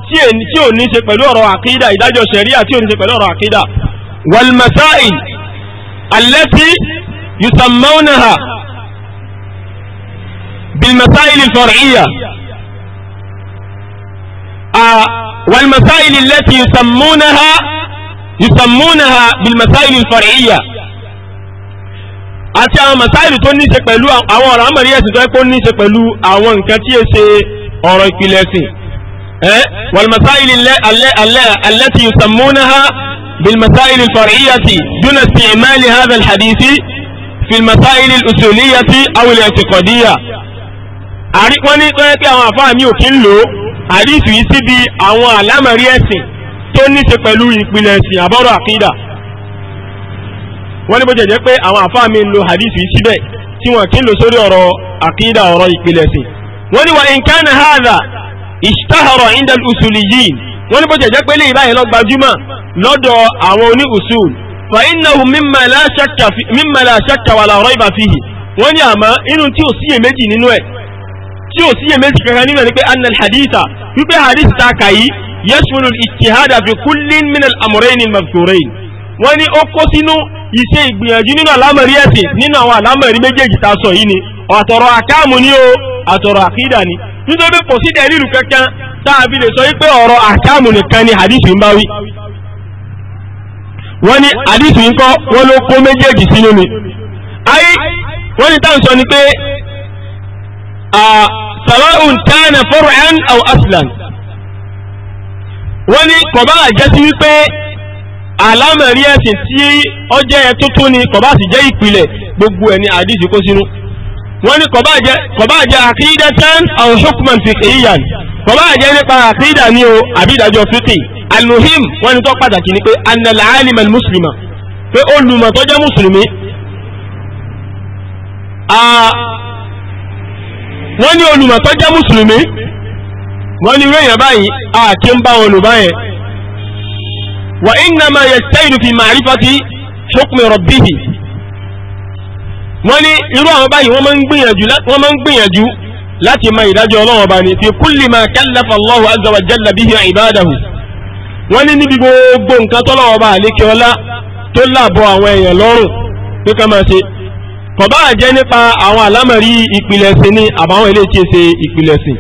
tí ò ní ṣe pẹ̀lú ọ̀rọ̀ àkídà ìdájọ́ ṣẹ̀ríà tí ò ní ṣe pẹ̀lú ọ̀rọ̀ àkídà wal masail allati yusammawnaha bil masail al والمسائل التي يسمونها يسمونها بالمسائل الفرعية àti àwọn masáìlì tó níṣe pẹ̀lú àwọn ọ̀rọ̀ àmọ̀rí ẹ̀sìn tó ẹ́kọ́ níṣe pẹ̀lú àwọn nǹkan tí è ṣe ọ̀rọ̀ ìpìlẹ̀ ẹ̀sìn ẹ́ wàlmasáìlì alẹ́tì yusammunaha bilmasáìlì fọ̀rìyàtì dúnà sí ìmáìlì hadal hadisi filmasáìlì usuliyati awilẹ̀ àdìsù yìí síbi àwọn àlámọ̀rí ẹ̀sìn tó ní ṣe pẹ̀lú ìpìlẹ̀ ẹ̀sìn àbọ̀rọ̀ àkídà wọ́n ní bó jẹ̀jẹ́ pé àwọn àfáà mi ń lo àdìsù yìí síbẹ̀ tí wọ́n kí ń lo sórí ọ̀rọ̀ àkídà ọ̀rọ̀ ìpìlẹ̀ ẹ̀sìn wọ́n ní wa in kana ní bó jẹ̀jẹ́ wọ́n ní àmọ́ inú tí ò síyèméjì nínú ẹ̀ tí ò síyè méjì kankan níbẹ̀ ni pé anna haditha wípé hadith ta kà yìí yashmulu ijtihada fi kullin min al-amrayn al-mazkurayn wọ́n ní ó kó sínú iṣẹ́ ìgbìyànjú nínú àlámọ̀rí ẹ̀sìn nínú àwọn àlámọ̀rí méjèèjì ta sọ yìí ni ọ̀tọ̀rọ̀ àkáàmù ni ó àtọ̀rọ̀ àkídà ni nítorí kò sí dẹ̀lílù kankan tàbí lè sọ wípé ọ̀rọ̀ àkáàmù nìkan ni hadith ń bá wí wọ́n ní hadith ń kọ́ wọ́n ló kó méjèèjì sínú ni ayé wọ́n ní táwọn sọ ni pé sàwáhùn tánà fọ́rọ̀án àwọn aslan wọ́n ní kọ̀bá àjẹ́sí wípé alámẹ̀rí ẹ̀sìn tí ó jẹ́ ẹ tó tún ni kọ̀bá sì jẹ́ ìpìlẹ̀ gbogbo ẹ̀ ní àdìsí kó sínú wọ́n ní kọ̀bá àjẹ́ àkídà tán àwọn hukman fiqhiyyan kọ̀bá àjẹ́ nípa àkídà ní o àbídájọ́ fiqhi almuhim wọ́n tó pàtàkì ni pé annal alima muslima pé olùmọ̀ tó jẹ́ mùsùlùmí wọ́n ní olùmọ̀ tó jẹ́ mùsùlùmí wọ́n ní irú èèyàn báyìí a kì ń bá wọn lò báyẹn wà innama yastahidu fi ma'rifati hukmi rabbihi wọ́n ní irú àwọn báyìí wọ́n máa ń gbìyànjú láti mọ ìdájọ́ ọlọ́run ọba ni fi kulli ma kallafa Allahu azza wa jalla bihi wọ́n ní níbi gbogbo nǹkan tọ́lọ́run ọba àlékè ọlá tó láàbọ̀ àwọn èèyàn lọ́rùn pé ká máa ṣe kọ̀bá jẹ́ nípa àwọn àlámọ̀rí ìpìlẹ̀sìn ní àbáwọn ilé tí ṣe ìpìlẹ̀sìn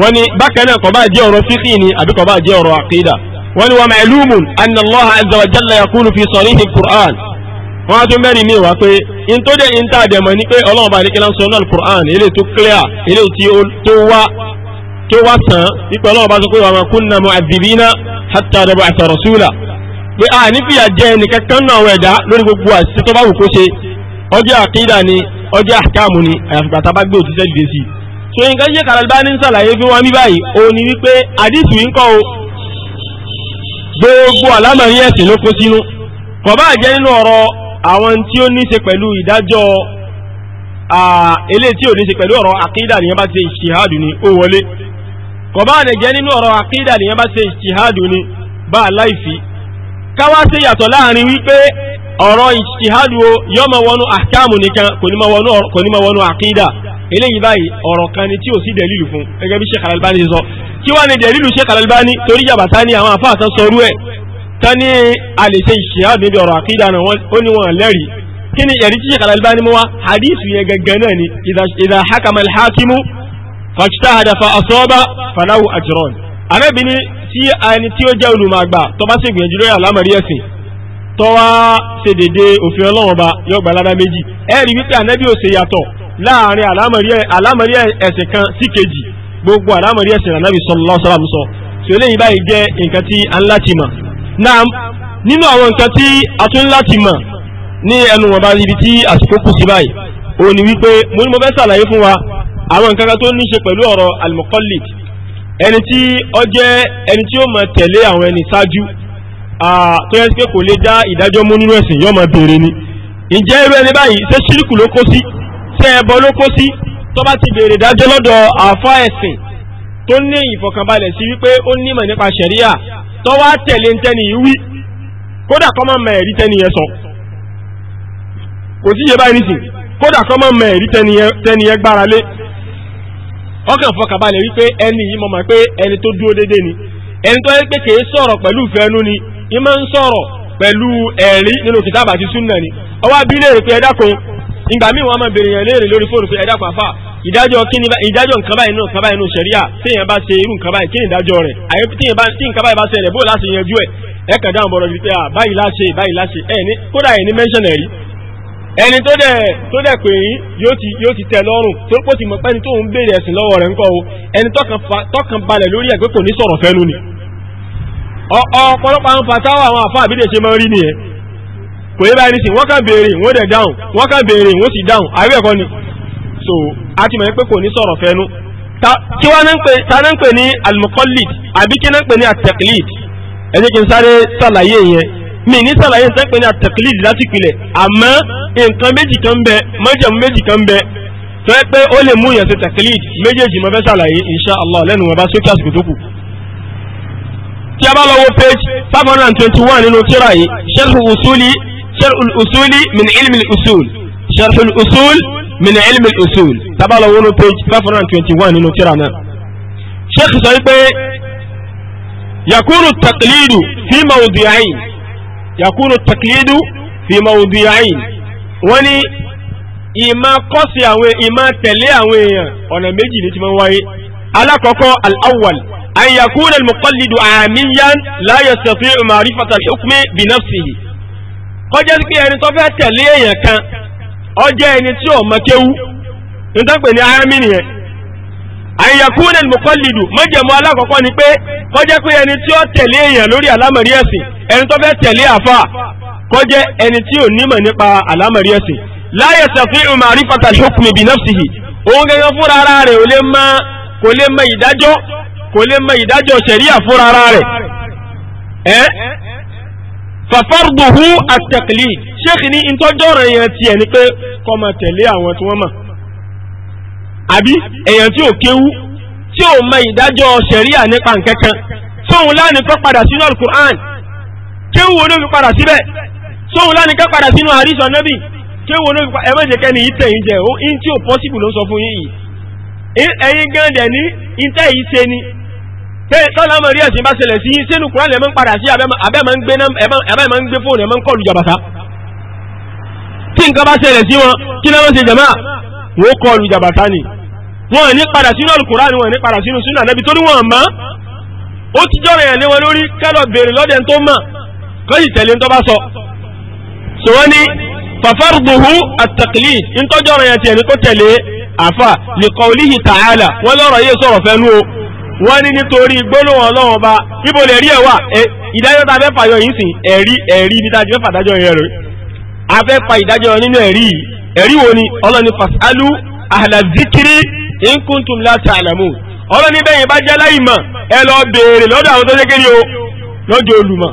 wọ́n ní bákan náà kọ̀bá jẹ́ ọ̀rọ̀ fíkì ni àbí kọ̀bá jẹ́ ọ̀rọ̀ àkídà wọ́n ní wa ma'lumun anna Allah azza wa jalla yaqulu fi sarihi al-Qur'an wọ́n á tún mẹ́rin mi pé in tó dẹ̀ in tá a dẹ̀ pé ọlọ́run ní kílá ọjọ́ àkídà ni ọjọ́ àkàmù ni àyàfìgbà tá a bá gbé òtítẹ́ dìde sí i so nǹkan ṣe kàlàlùbá ní sàlàyé fún wọn bí báyìí òun ni wípé àdìsù yìí ń kọ́ o gbogbo àlámọ̀rí ẹ̀sìn ló kó sínú kò bá jẹ́ nínú ọ̀rọ̀ àwọn tí ó ní ṣe pẹ̀lú ìdájọ́ eléyìí tí ò ní ṣe pẹ̀lú ọ̀rọ̀ àkídà nìyẹn bá ṣe ìṣìhádù ni ó wọlé kò bá jẹ́ nínú ọ̀rọ̀ àkídà nìyẹn bá ṣe ìṣìhádù ni bá láìfi káwá ṣe yàtọ̀ láàrin wípé ọ̀rọ̀ ìṣìhádù yọ́ ma wọnú àkáàmù nìkan kò ní ma wọnú àkídà eléyìí báyìí ọ̀rọ̀ kan ni tí ò sí dẹ̀lílù fún gẹ́gẹ́ bí Sheikh Al-Albani sọ kí wá ní dẹ̀lílù Sheikh Al-Albani torí jàbàtà ní àwọn àfáà tán sọrú ẹ̀ tán ní a lè ṣe ìṣìhádù níbi ọ̀rọ̀ àkídà náà ó ní wọn lẹ́rìí kí ni ẹ̀rí tí Sheikh al mú wá hadith yẹn gangan náà ni idha hakama al-hakimu fajtahada fa asaba falahu ajran tí ẹni tí ó jẹ́ olùmọ̀gbà tó bá ṣègbìyànjú lórí àlámọ̀rí ẹ̀sìn tó wá ṣe dédé òfin ọlọ́run ọba yóò gba ládá méjì ẹ rí wípé ànábì ò ṣe yàtọ̀ láàrin àlámọ̀rí ẹ̀sìn kan sí kejì gbogbo àlámọ̀rí ẹ̀sìn ànábì sallallahu alaihi wasallam sọ tí eléyìí báyìí jẹ́ nǹkan tí a ń láti mọ̀ náà nínú àwọn nǹkan tí a tún láti mọ̀ ní ẹnu wọn bá ibi tí àsìkò kù sí báyìí òun ni wípé mo ní mo fẹ́ ṣàlàyé fún wa àwọn nǹkan kan tó ní ṣe pẹ̀lú ọ̀rọ̀ al-muqallid ẹni tí ó jẹ́ ẹni tí ó máa tẹ̀lé àwọn ẹni ṣáájú tó yẹ pé kò lè dá ìdájọ́ mú nínú ẹ̀sìn yóò máa béèrè ni ǹjẹ́ irú ẹni báyìí ṣé ṣírìkù ló kó sí ṣé ẹbọ ló kó sí tó bá ti béèrè ìdájọ́ lọ́dọ̀ àáfà ẹ̀sìn tó ní ìfọ̀kànbalẹ̀ sí wípé ó nímọ̀ nípa ṣẹ̀ríà tó wá tẹ̀lé ntẹ́ni yìí wí kódà kọ́ máa mọ ẹ̀rí tẹ́ni yẹn sọ kò sí yẹ báyìí nísìn kódà kọ́ máa mọ ẹ̀rí tẹ́ni yẹn gbára ọkàn fọkàbalẹ̀ wípé ẹni yìí mọ̀ mọ̀ pé ẹni tó dúró dédé ni ẹni tó yẹ pé kìí sọ̀rọ̀ pẹ̀lú ìfẹ́nu ni ìmọ̀ ń sọ̀rọ̀ pẹ̀lú ẹ̀rí nínú kìtàbà àti súnà ni ọwọ́ abílẹ̀ rẹ̀ pé ẹ̀dá kan ìgbà míì wọn máa bèèrè yẹn léèrè lórí fóònù pé ẹ̀dá kan àfà ìdájọ́ kí ni ìdájọ́ nǹkan báyìí nínú nǹkan báyìí nínú ẹni tó dẹ̀ tó dẹ̀ pè yí yóò ti tẹ́ lọ́rùn tó pò ti mọ̀ pé tó ń béèrè ẹ̀sìn lọ́wọ́ rẹ̀ ń kọ́ o ẹni tọ́kàn balẹ̀ lórí ẹ̀ pé kò ní sọ̀rọ̀ fẹ́nu ni ọ̀pọ̀lọpọ̀ àwọn fàtáwà àwọn àfáà bí dèṣe máa ń rí ni ẹ̀ kò yẹ báyìí nísìn wọ́n kàn béèrè wọ́n dẹ̀ dáhùn wọ́n kàn béèrè wọ́n sì dáhùn àríwẹ̀ ni so a ti mọ̀ pé kò ní sọ̀rọ̀ mi ní sàlàyé nǹkan pé ní àtẹ̀kìlì láti pilẹ̀ àmọ́ nǹkan méjì kan bẹ májẹ̀mú méjì kan bẹ tó yẹ pé ó lè mú yẹn ṣe tẹ̀kìlì méjèèjì mo fẹ́ sàlàyé insha allah lẹ́nu wọn bá sókè àsìkò tó kù. tí a bá lọ wo page five hundred and twenty one nínú tírà yìí sharh usuli sharh usuli min ilmi usul sharh usul min ilmi usul tá a bá lọ wo nínú page five hundred and twenty one nínú tírà náà. sheikh sọ pé yakunu taqlidu fi mawdu'ayn yakunu taklidu fi mawdi'ain wọ́n ní ìmá kọ́sí àwọn ìmá tẹ̀lé àwọn èèyàn ọ̀nà méjì ní ti máa ń wáyé alákọ̀ọ́kọ́ al-awwal an yakuna al-muqallidu amiyan la yastati'u ma'rifata al-hukmi bi nafsihi kọjá sí pé ẹni tó kan ó jẹ́ tí ò mọ̀ kéwú nítorí pé ní àmì nìyẹn àyẹ̀kún ní mùkọ́lìdù mọ́jẹ̀mú alákọ̀ọ́kọ́ ni pé kó jẹ́ pé ẹni tí ó tẹ̀lé èèyàn lórí àlámọ̀rí ẹ̀sìn ẹni tó fẹ́ tẹ̀lé àfà kó jẹ́ ẹni tí ò nímọ̀ nípa àlámọ̀rí ẹ̀sìn láyé sẹ̀fín ìmọ̀rí pàtàkì hukmi bí nafsihi òun gẹ́gẹ́ fúnra ara rẹ̀ ò lè mọ kò lè mọ ìdájọ́ kò lè mọ ìdájọ́ ṣẹ̀ríà fúnra ara rẹ̀ ẹ́ fàfọ́rùdùhù àtẹ̀kìlì ṣéèkì ní ìtọ́jọ́ rẹ̀ yẹn tiẹ̀ ni pé kó máa tẹ̀lé àwọn tí wọ́n mọ̀ àbí èèyàn tí ò kéwú tí ò mọ ìdájọ́ ṣẹ̀ríà nípa nkankan sóhun láàánú kọ́ padà sínú alukur'an kéwú olóbi padà síbẹ̀ sóhun láàánú kọ́ padà sínú àríṣọ nẹ́bì kéwú olóbi padà ẹ̀mọ́ ìjẹ́kẹ́ ni ìtẹ̀ yìí jẹ́ ó ń tí ò pọ́sibù ló ń sọ fún yín yìí ẹ̀yin gan dẹ̀ ní ìtẹ́ yìí ṣe ni pé tọ́lá mọ̀ rí ẹ̀sìn bá ṣẹlẹ̀ sí sínú kúrán lẹ́mọ́ ń padà sí abẹ́mọ̀ ń gbé fóònù ẹ̀mọ́ ń kọlù jàbàtà tí nǹkan bá ṣẹlẹ̀ sí wọn kí lọ́wọ́ ṣe jàmá wọ́n kọlù jàbàtà ni wọn ní padà sínú Al-Kùránì wọn ní padà sínú súnà Ànábì tó ní wọn mọ́ ó ti jọ́rọ̀ yẹn lé wọn lórí kẹ́lọ̀ béèrè lọ́dẹ̀ tó mọ̀ kọ́yì tẹ̀lé tó bá sọ so wọ́n ní fafarduhu at-taqlid ntọ́jọ́rọ̀ yẹn tiẹ̀ ní kó tẹ̀lé àfà li qawlihi ta'ala wọ́n lọ́rọ̀ yé sọ̀rọ̀ fẹ́nu o wọ́n ní nítorí gbólóhùn ọlọ́run ọba níbo lè rí ẹ̀ wà ìdájọ́ ta in kuntum la ta'lamun ọ̀rọ̀ níbẹ̀ yẹn bá jẹ́ láìmọ̀ ẹ lọ béèrè lọ́dọ̀ àwọn tó ṣe kéde o lọ́dọ̀ olùmọ̀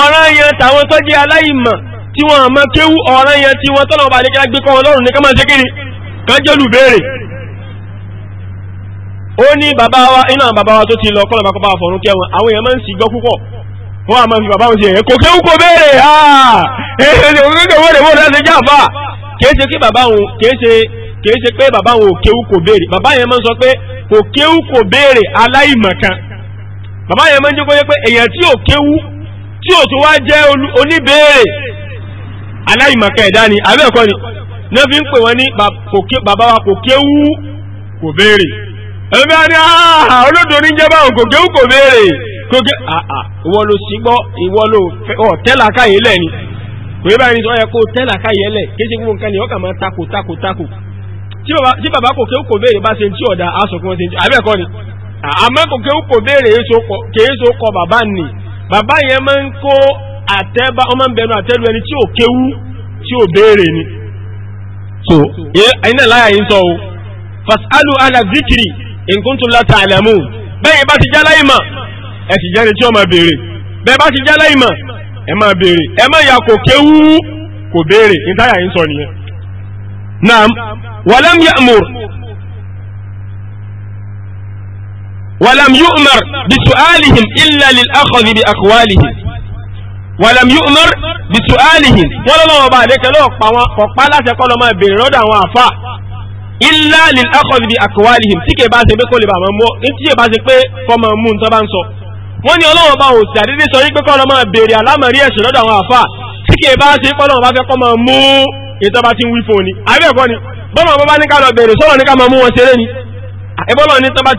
ọ̀ràn yẹn tàwọn tó jẹ́ aláìmọ̀ tí wọ́n àmọ́ kéwú ọ̀ràn yẹn tí wọ́n tọ́lọ̀ ọba àdékẹ́lá gbé kọ́ wọn lọ́rùn ní kọ́mọ̀ ṣe kéde kan jẹ́ olùbéèrè ó ní bàbá wa iná bàbá wa tó ti lọ kọ́lọ̀ bàbá wa fọ̀rún kẹwọn àwọn èèyàn máa ń sì gbọ́ púpọ̀ wọ́n àmọ́ fi bàbá wọn ṣe kò kéwú kò béèrè àà èèyàn kò kéwú kò béèrè wọ́n rẹ̀ ṣe jáfà kìí ṣe kí bàbá wọn kìí ṣe kìí ṣe pé bàbá wọn ò kéwú kò béèrè bàbá yẹn máa ń sọ pé kò kéwú kò béèrè aláìmọ̀kan bàbá yẹn máa ń jẹ́ kó yẹ pé èèyàn tí ò kéwú tí ò tó wá jẹ́ oníbéèrè aláìmọ̀kan ẹ̀dá ni àbẹ́ ẹ̀kọ́ ni ní fi ń pè wọ́n ní bàbá wa kò kéwú kò béèrè ẹ̀mí àni àhà olódò ní jẹ́ báwọn kò kéwú kò béèrè kò àhà ìwọ ló sì gbọ́ ìwọ ló ọ̀ tẹ́lá káyé lẹ̀ ni kò yẹ báyìí ni sọ yẹ kó tẹ́lá káyé lẹ̀ kéṣe gbogbo nǹkan ni ọkà máa takò takò takò tí bàbá kò kéwù kò béèrè bá ṣe tí ọ̀dà aṣọ kí wọ́n ṣe tí abẹ́ẹ̀kọ́ ni àmọ́ kò kéwù kò béèrè kèé so kọ bàbá nì bàbá yẹn máa ń kó àtẹ́bá ọmọ ń bẹnu àtẹ́lu ẹni tí ò kéwù tí ò béèrè ni. so iná láyà yìí ń sọ o fasalu ala zikiri in kuntum la ta'lamun bẹ́ẹ̀ bá ti já láyìí mọ̀ ẹ ti jẹ́ni tí ó máa béèrè bẹ́ẹ̀ bá ti já láyìí mọ̀ ẹ máa béèrè ẹ má yà kò kéwù kò béèrè ní táyà yìí ń sọ nìyẹn naam walam ya'mur walam yu'mar bisu'alihim illa lil akhadhi bi aqwalihim walam yu'mar bisu'alihim wọ́n lọ́wọ́ bá àlékẹ́ lọ́wọ́ pa wọn ọ̀pá láti ẹ̀kọ́ lọ́mọ ìbèrè lọ́dọ̀ àwọn àfà illa lil akhadhi bi aqwalihim tí kìí bá ṣe pé kó lè bà máa mú ní tí kìí bá ṣe pé kọ́ máa mú nǹkan bá ń sọ wọ́n ní ọlọ́wọ́ bá ò sí àdídí sọ yí pé kọ́ lọ́mọ ìbèrè alámọ̀rí ẹ̀sìn lọ́dọ̀ àwọn àfà tí kìí bá ṣe pé kọ́ lọ́mọ bá fẹ́ kọ́ máa mú ìtọ́ba ti ń wí fóònì àbẹ́ẹ̀kọ́ ni bọ́mọ̀ bọ́bá ní ká lọ bèèrè sọ́rọ̀ ní ká máa mú wọn ṣeré ni ẹbọ́lọ̀ ní tọ́ba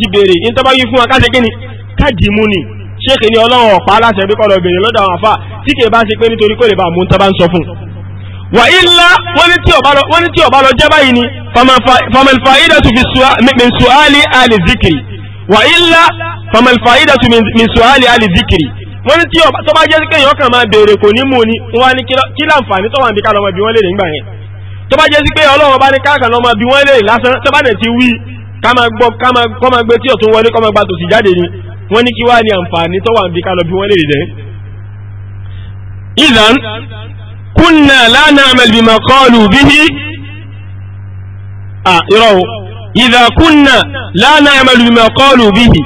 ti bèèrè ní tọ́ba yí fún wa kí ni káàdì mú ni ṣéèkì ni ọlọ́run ọ̀pá aláṣẹ bí kọ́ lọ bèèrè lọ́dọ̀ àwọn àfà tí kì í bá ṣe pé nítorí kò lè bá mú tọ́ba ń sọ fún wà ilá wọ́n ní tí ọ̀bá lọ jẹ́ báyìí ni famalfa idatu min su'ali ali zikiri wà ilá ali zikiri wọ́n ní tí ọba tó bá jẹ́ sí kéèyàn kàn máa béèrè kò ní mú ni wọ́n ní kí láǹfààní tó wà níbi ká bí wọ́n lè nígbà yẹn tó bá jẹ́ sí pé ọlọ́run bá ní káàkàn bí wọ́n lè lásán tó bá dẹ̀ ti wí ká tí ọ̀tún wọlé kọ́ máa gba jáde ni wọ́n ní kí wá ní àǹfààní tó wà níbi ká bí wọ́n lè dẹ̀. ìlàn kúnnà lánà àmàlùmọ̀ kọlù bíbí ìrọ̀ ìdà kúnnà lánà àmàlùmọ̀ kọlù bíbí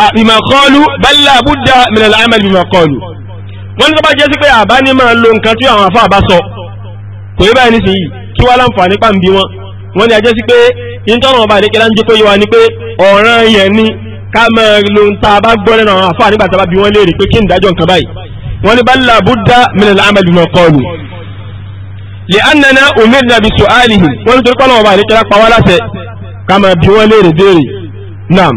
Ah, bima qalu bal la budda min al-amal bima qalu wọ́n ní tó bá jẹ́ sí pé àbá ní máa lo nǹkan tí àwọn àfáà bá sọ kò yí báyìí nísìnyí kí wá láǹfààní pàǹbí wọn wọ́n ní a jẹ́ sí pé ìtọ́nà ọba àdékẹ́lá ń jẹ́ kó yé wa ni pé ọ̀ràn yẹn ni ká máa lo ń ta bá gbọ́ lẹ́nu àwọn àfáà nígbà tá a bá wọ́n léèrè pé kí ni ìdájọ́ nǹkan báyìí wọ́n ní bala buddha minna al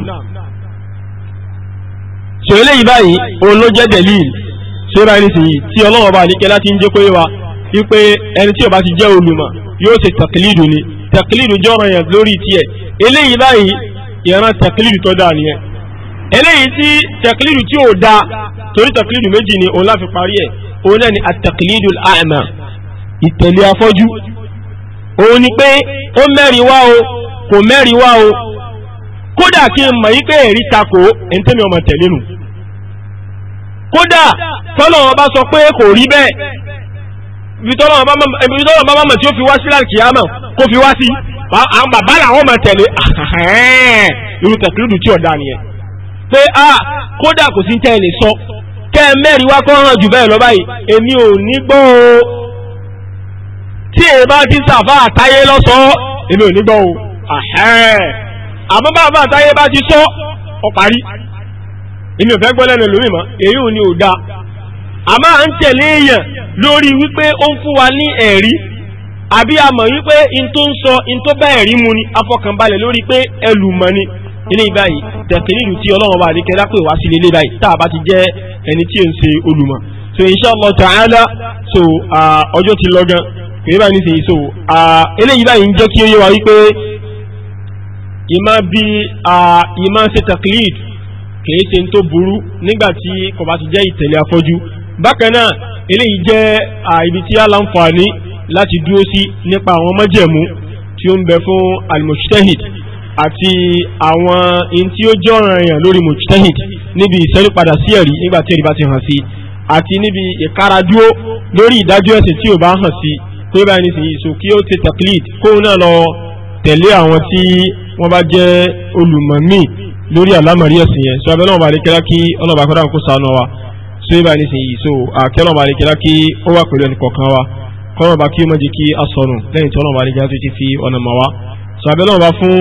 so eléyìí báyìí òun ló jẹ́ delil so báyìí nísìnyí tí ọlọ́wọ́ bá àdékẹ́ láti ń jẹ́ pé wa wípé ẹni tí ó bá ti jẹ́ olùmọ̀ yóò ṣe tàkìlìdù ni tàkìlìdù jọ̀ràn yẹn lórí tiẹ̀ eléyìí báyìí ìran tàkìlìdù tó dáa nìyẹn eléyìí tí tàkìlìdù tí ò dáa torí tàkìlìdù méjì ni òun láfi parí ẹ̀ òun náà ni àtàkìlìdù àmà ìtẹ̀lé afọ́jú òun ni pé ó mẹ́rin wá o kò mẹ́rin wá o kódà kí n mọ̀ yí pé ẹ̀rí takò ẹ̀ńtẹ́mi ọmọ tẹ̀lé nù kódà tọ́lọ́wọ́ bá sọ pé kò rí bẹ́ẹ̀ ibi tọ́lọ́wọ́ bá mọ̀ tí ó fi wá sí láti kìyàmọ̀ kó fi wá sí àwọn bàbá làwọn mọ̀ tẹ̀lé irú tẹ̀kílùdù tí ọ̀dà nìyẹn pé a kódà kò sí ń tẹ́ ẹ lè sọ kẹ́ ẹ mẹ́rin wá kọ́ hàn jù bẹ́ẹ̀ lọ báyìí èmi ò ní gbọ́ o tí èyí ti sàfà àtayé lọ́sọ̀ọ́ èmi ò ní gbọ́ o àmọ́ bàbá àtayé bá ti sọ ọ parí èmi ò fẹ́ gbọ́ lẹ́nu lómi mọ́ èyí ò ní ò dáa a máa ń tẹ̀lé èèyàn lórí wípé ó ń fún wa ní ẹ̀rí àbí a mọ̀ wípé in tó ń sọ in tó bá ẹ̀rí mu ni afọkànbalẹ̀ lórí pé ẹlùmọ̀ ni ilé ìbáyìí tẹ̀kínìlù tí ọlọ́run bá àdékẹ́ dápè wá sí ilé báyìí tá a bá ti jẹ́ ẹni tí ń ṣe olùmọ̀ so inshallah ta'ala so ọjọ́ ti lọ gan pé báyìí nísìnyí so eléyìí báyìí ń jẹ́ kí ó yé wa wípé ìmọ̀ bí ìmọ̀ ṣe taqlid kìí ṣe tó burú nígbàtí kò bá ti jẹ́ ìtẹ̀lé afọ́jú bákan náà eléyìí jẹ́ ibi tí aláǹfààní láti dúró sí nípa àwọn májẹ̀mú tí ó ń bẹ fún almujtahid àti àwọn in tí ó jọ́ràn èèyàn lórí mujtahid níbi ìṣẹ́rípadà sí ẹ̀rí nígbàtí ẹ̀rí bá ti hàn sí àti níbi ìkáradúró lórí ìdájọ́ ẹ̀sìn tí ò bá hàn sí pé báyìí nísìnyí ìṣò kí ó ti taqlid kóun náà lọ tẹ̀lé àwọn tí wọ́n bá jẹ́ olùmọ̀ lórí àlámọ̀rí ẹ̀sìn yẹn so abẹ́lẹ́ ọba àlekẹ́lá kí ọlọ́ba akọ́dà kó sànù wa so ibà nísìnyí so àkẹ́lọ́ ọba àlekẹ́lá kí ó wà pẹ̀lú ẹnì kọ̀ọ̀kan wa kọ́nà ọba kí ó má jẹ́ kí a sọnù lẹ́yìn tí ọlọ́ba àlekẹ́lá tó ti fi ọ̀nà mọ̀ wa so abẹ́lẹ́ ọba fún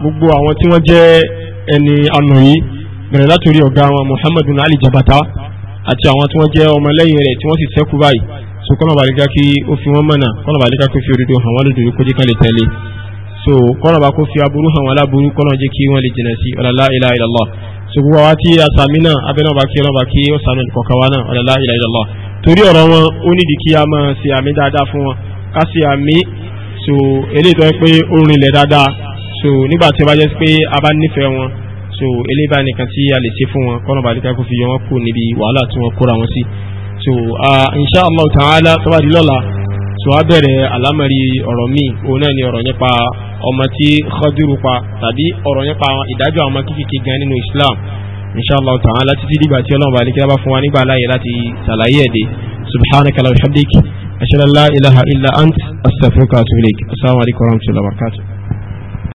gbogbo àwọn tí wọ́n jẹ́ ẹni ànú yìí bẹ̀rẹ̀ látòrí ọ̀gá wọn Muhammad Ali Jabata àti àwọn tí wọ́n jẹ́ ọmọ lẹ́yìn rẹ̀ tí wọ́n sì sẹ́kù báyìí so kọ́nà ọba àlekẹ́lá kí ó fi wọ́n mọ̀nà kọ́nà ọba àlekẹ́lá kí ó fi òdodo hàn wọ́n lódodo kó jẹ́ ká lè tẹ̀lé so kọ́nà bá kó fi aburú hàn wọn buru kọ́nà jẹ́ kí wọ́n lè jìnà sí ọ̀làlá ilá ìlàlọ́ so gbogbo wa tí a sàmì náà abẹ́nà bá kí ọ̀nà bá kí ó sànù kọ̀ọ̀kan wa náà ọ̀làlá ilá ìlàlọ́ torí ọ̀rọ̀ wọn ó nídìí kí a máa ṣe àmì dáadáa fún wọn ká ṣe àmì so eléyìí tó yẹ pé ó da da so nígbà tí ó bá jẹ́ pé a bá nífẹ̀ẹ́ wọn so eléyìí bá nìkan tí a lè ṣe fún wọn kọ́nà bá lè ká kó fi yọ wọn kù níbi wàhálà tí wọ́n kóra wọn so insha Allah ta'ala tó bá di so a bẹ̀rẹ̀ alámẹ̀rí ọ̀rọ̀ míì òun náà ni ọ̀rọ̀ nípa ọmọ tí Khadiru pa tàbí ọ̀rọ̀ nípa ìdájọ́ àwọn kékèké gan nínú Islam inshallah ta'ala títí dìgbà tí ọlọ́run bá ní kílábà fún wa nígbà láàyè láti ṣàlàyé ẹ̀dẹ́ subhanaka wa bihamdik ashhadu an la ilaha illa ant astaghfiruka wa atubu wa rahmatullahi wa barakatuh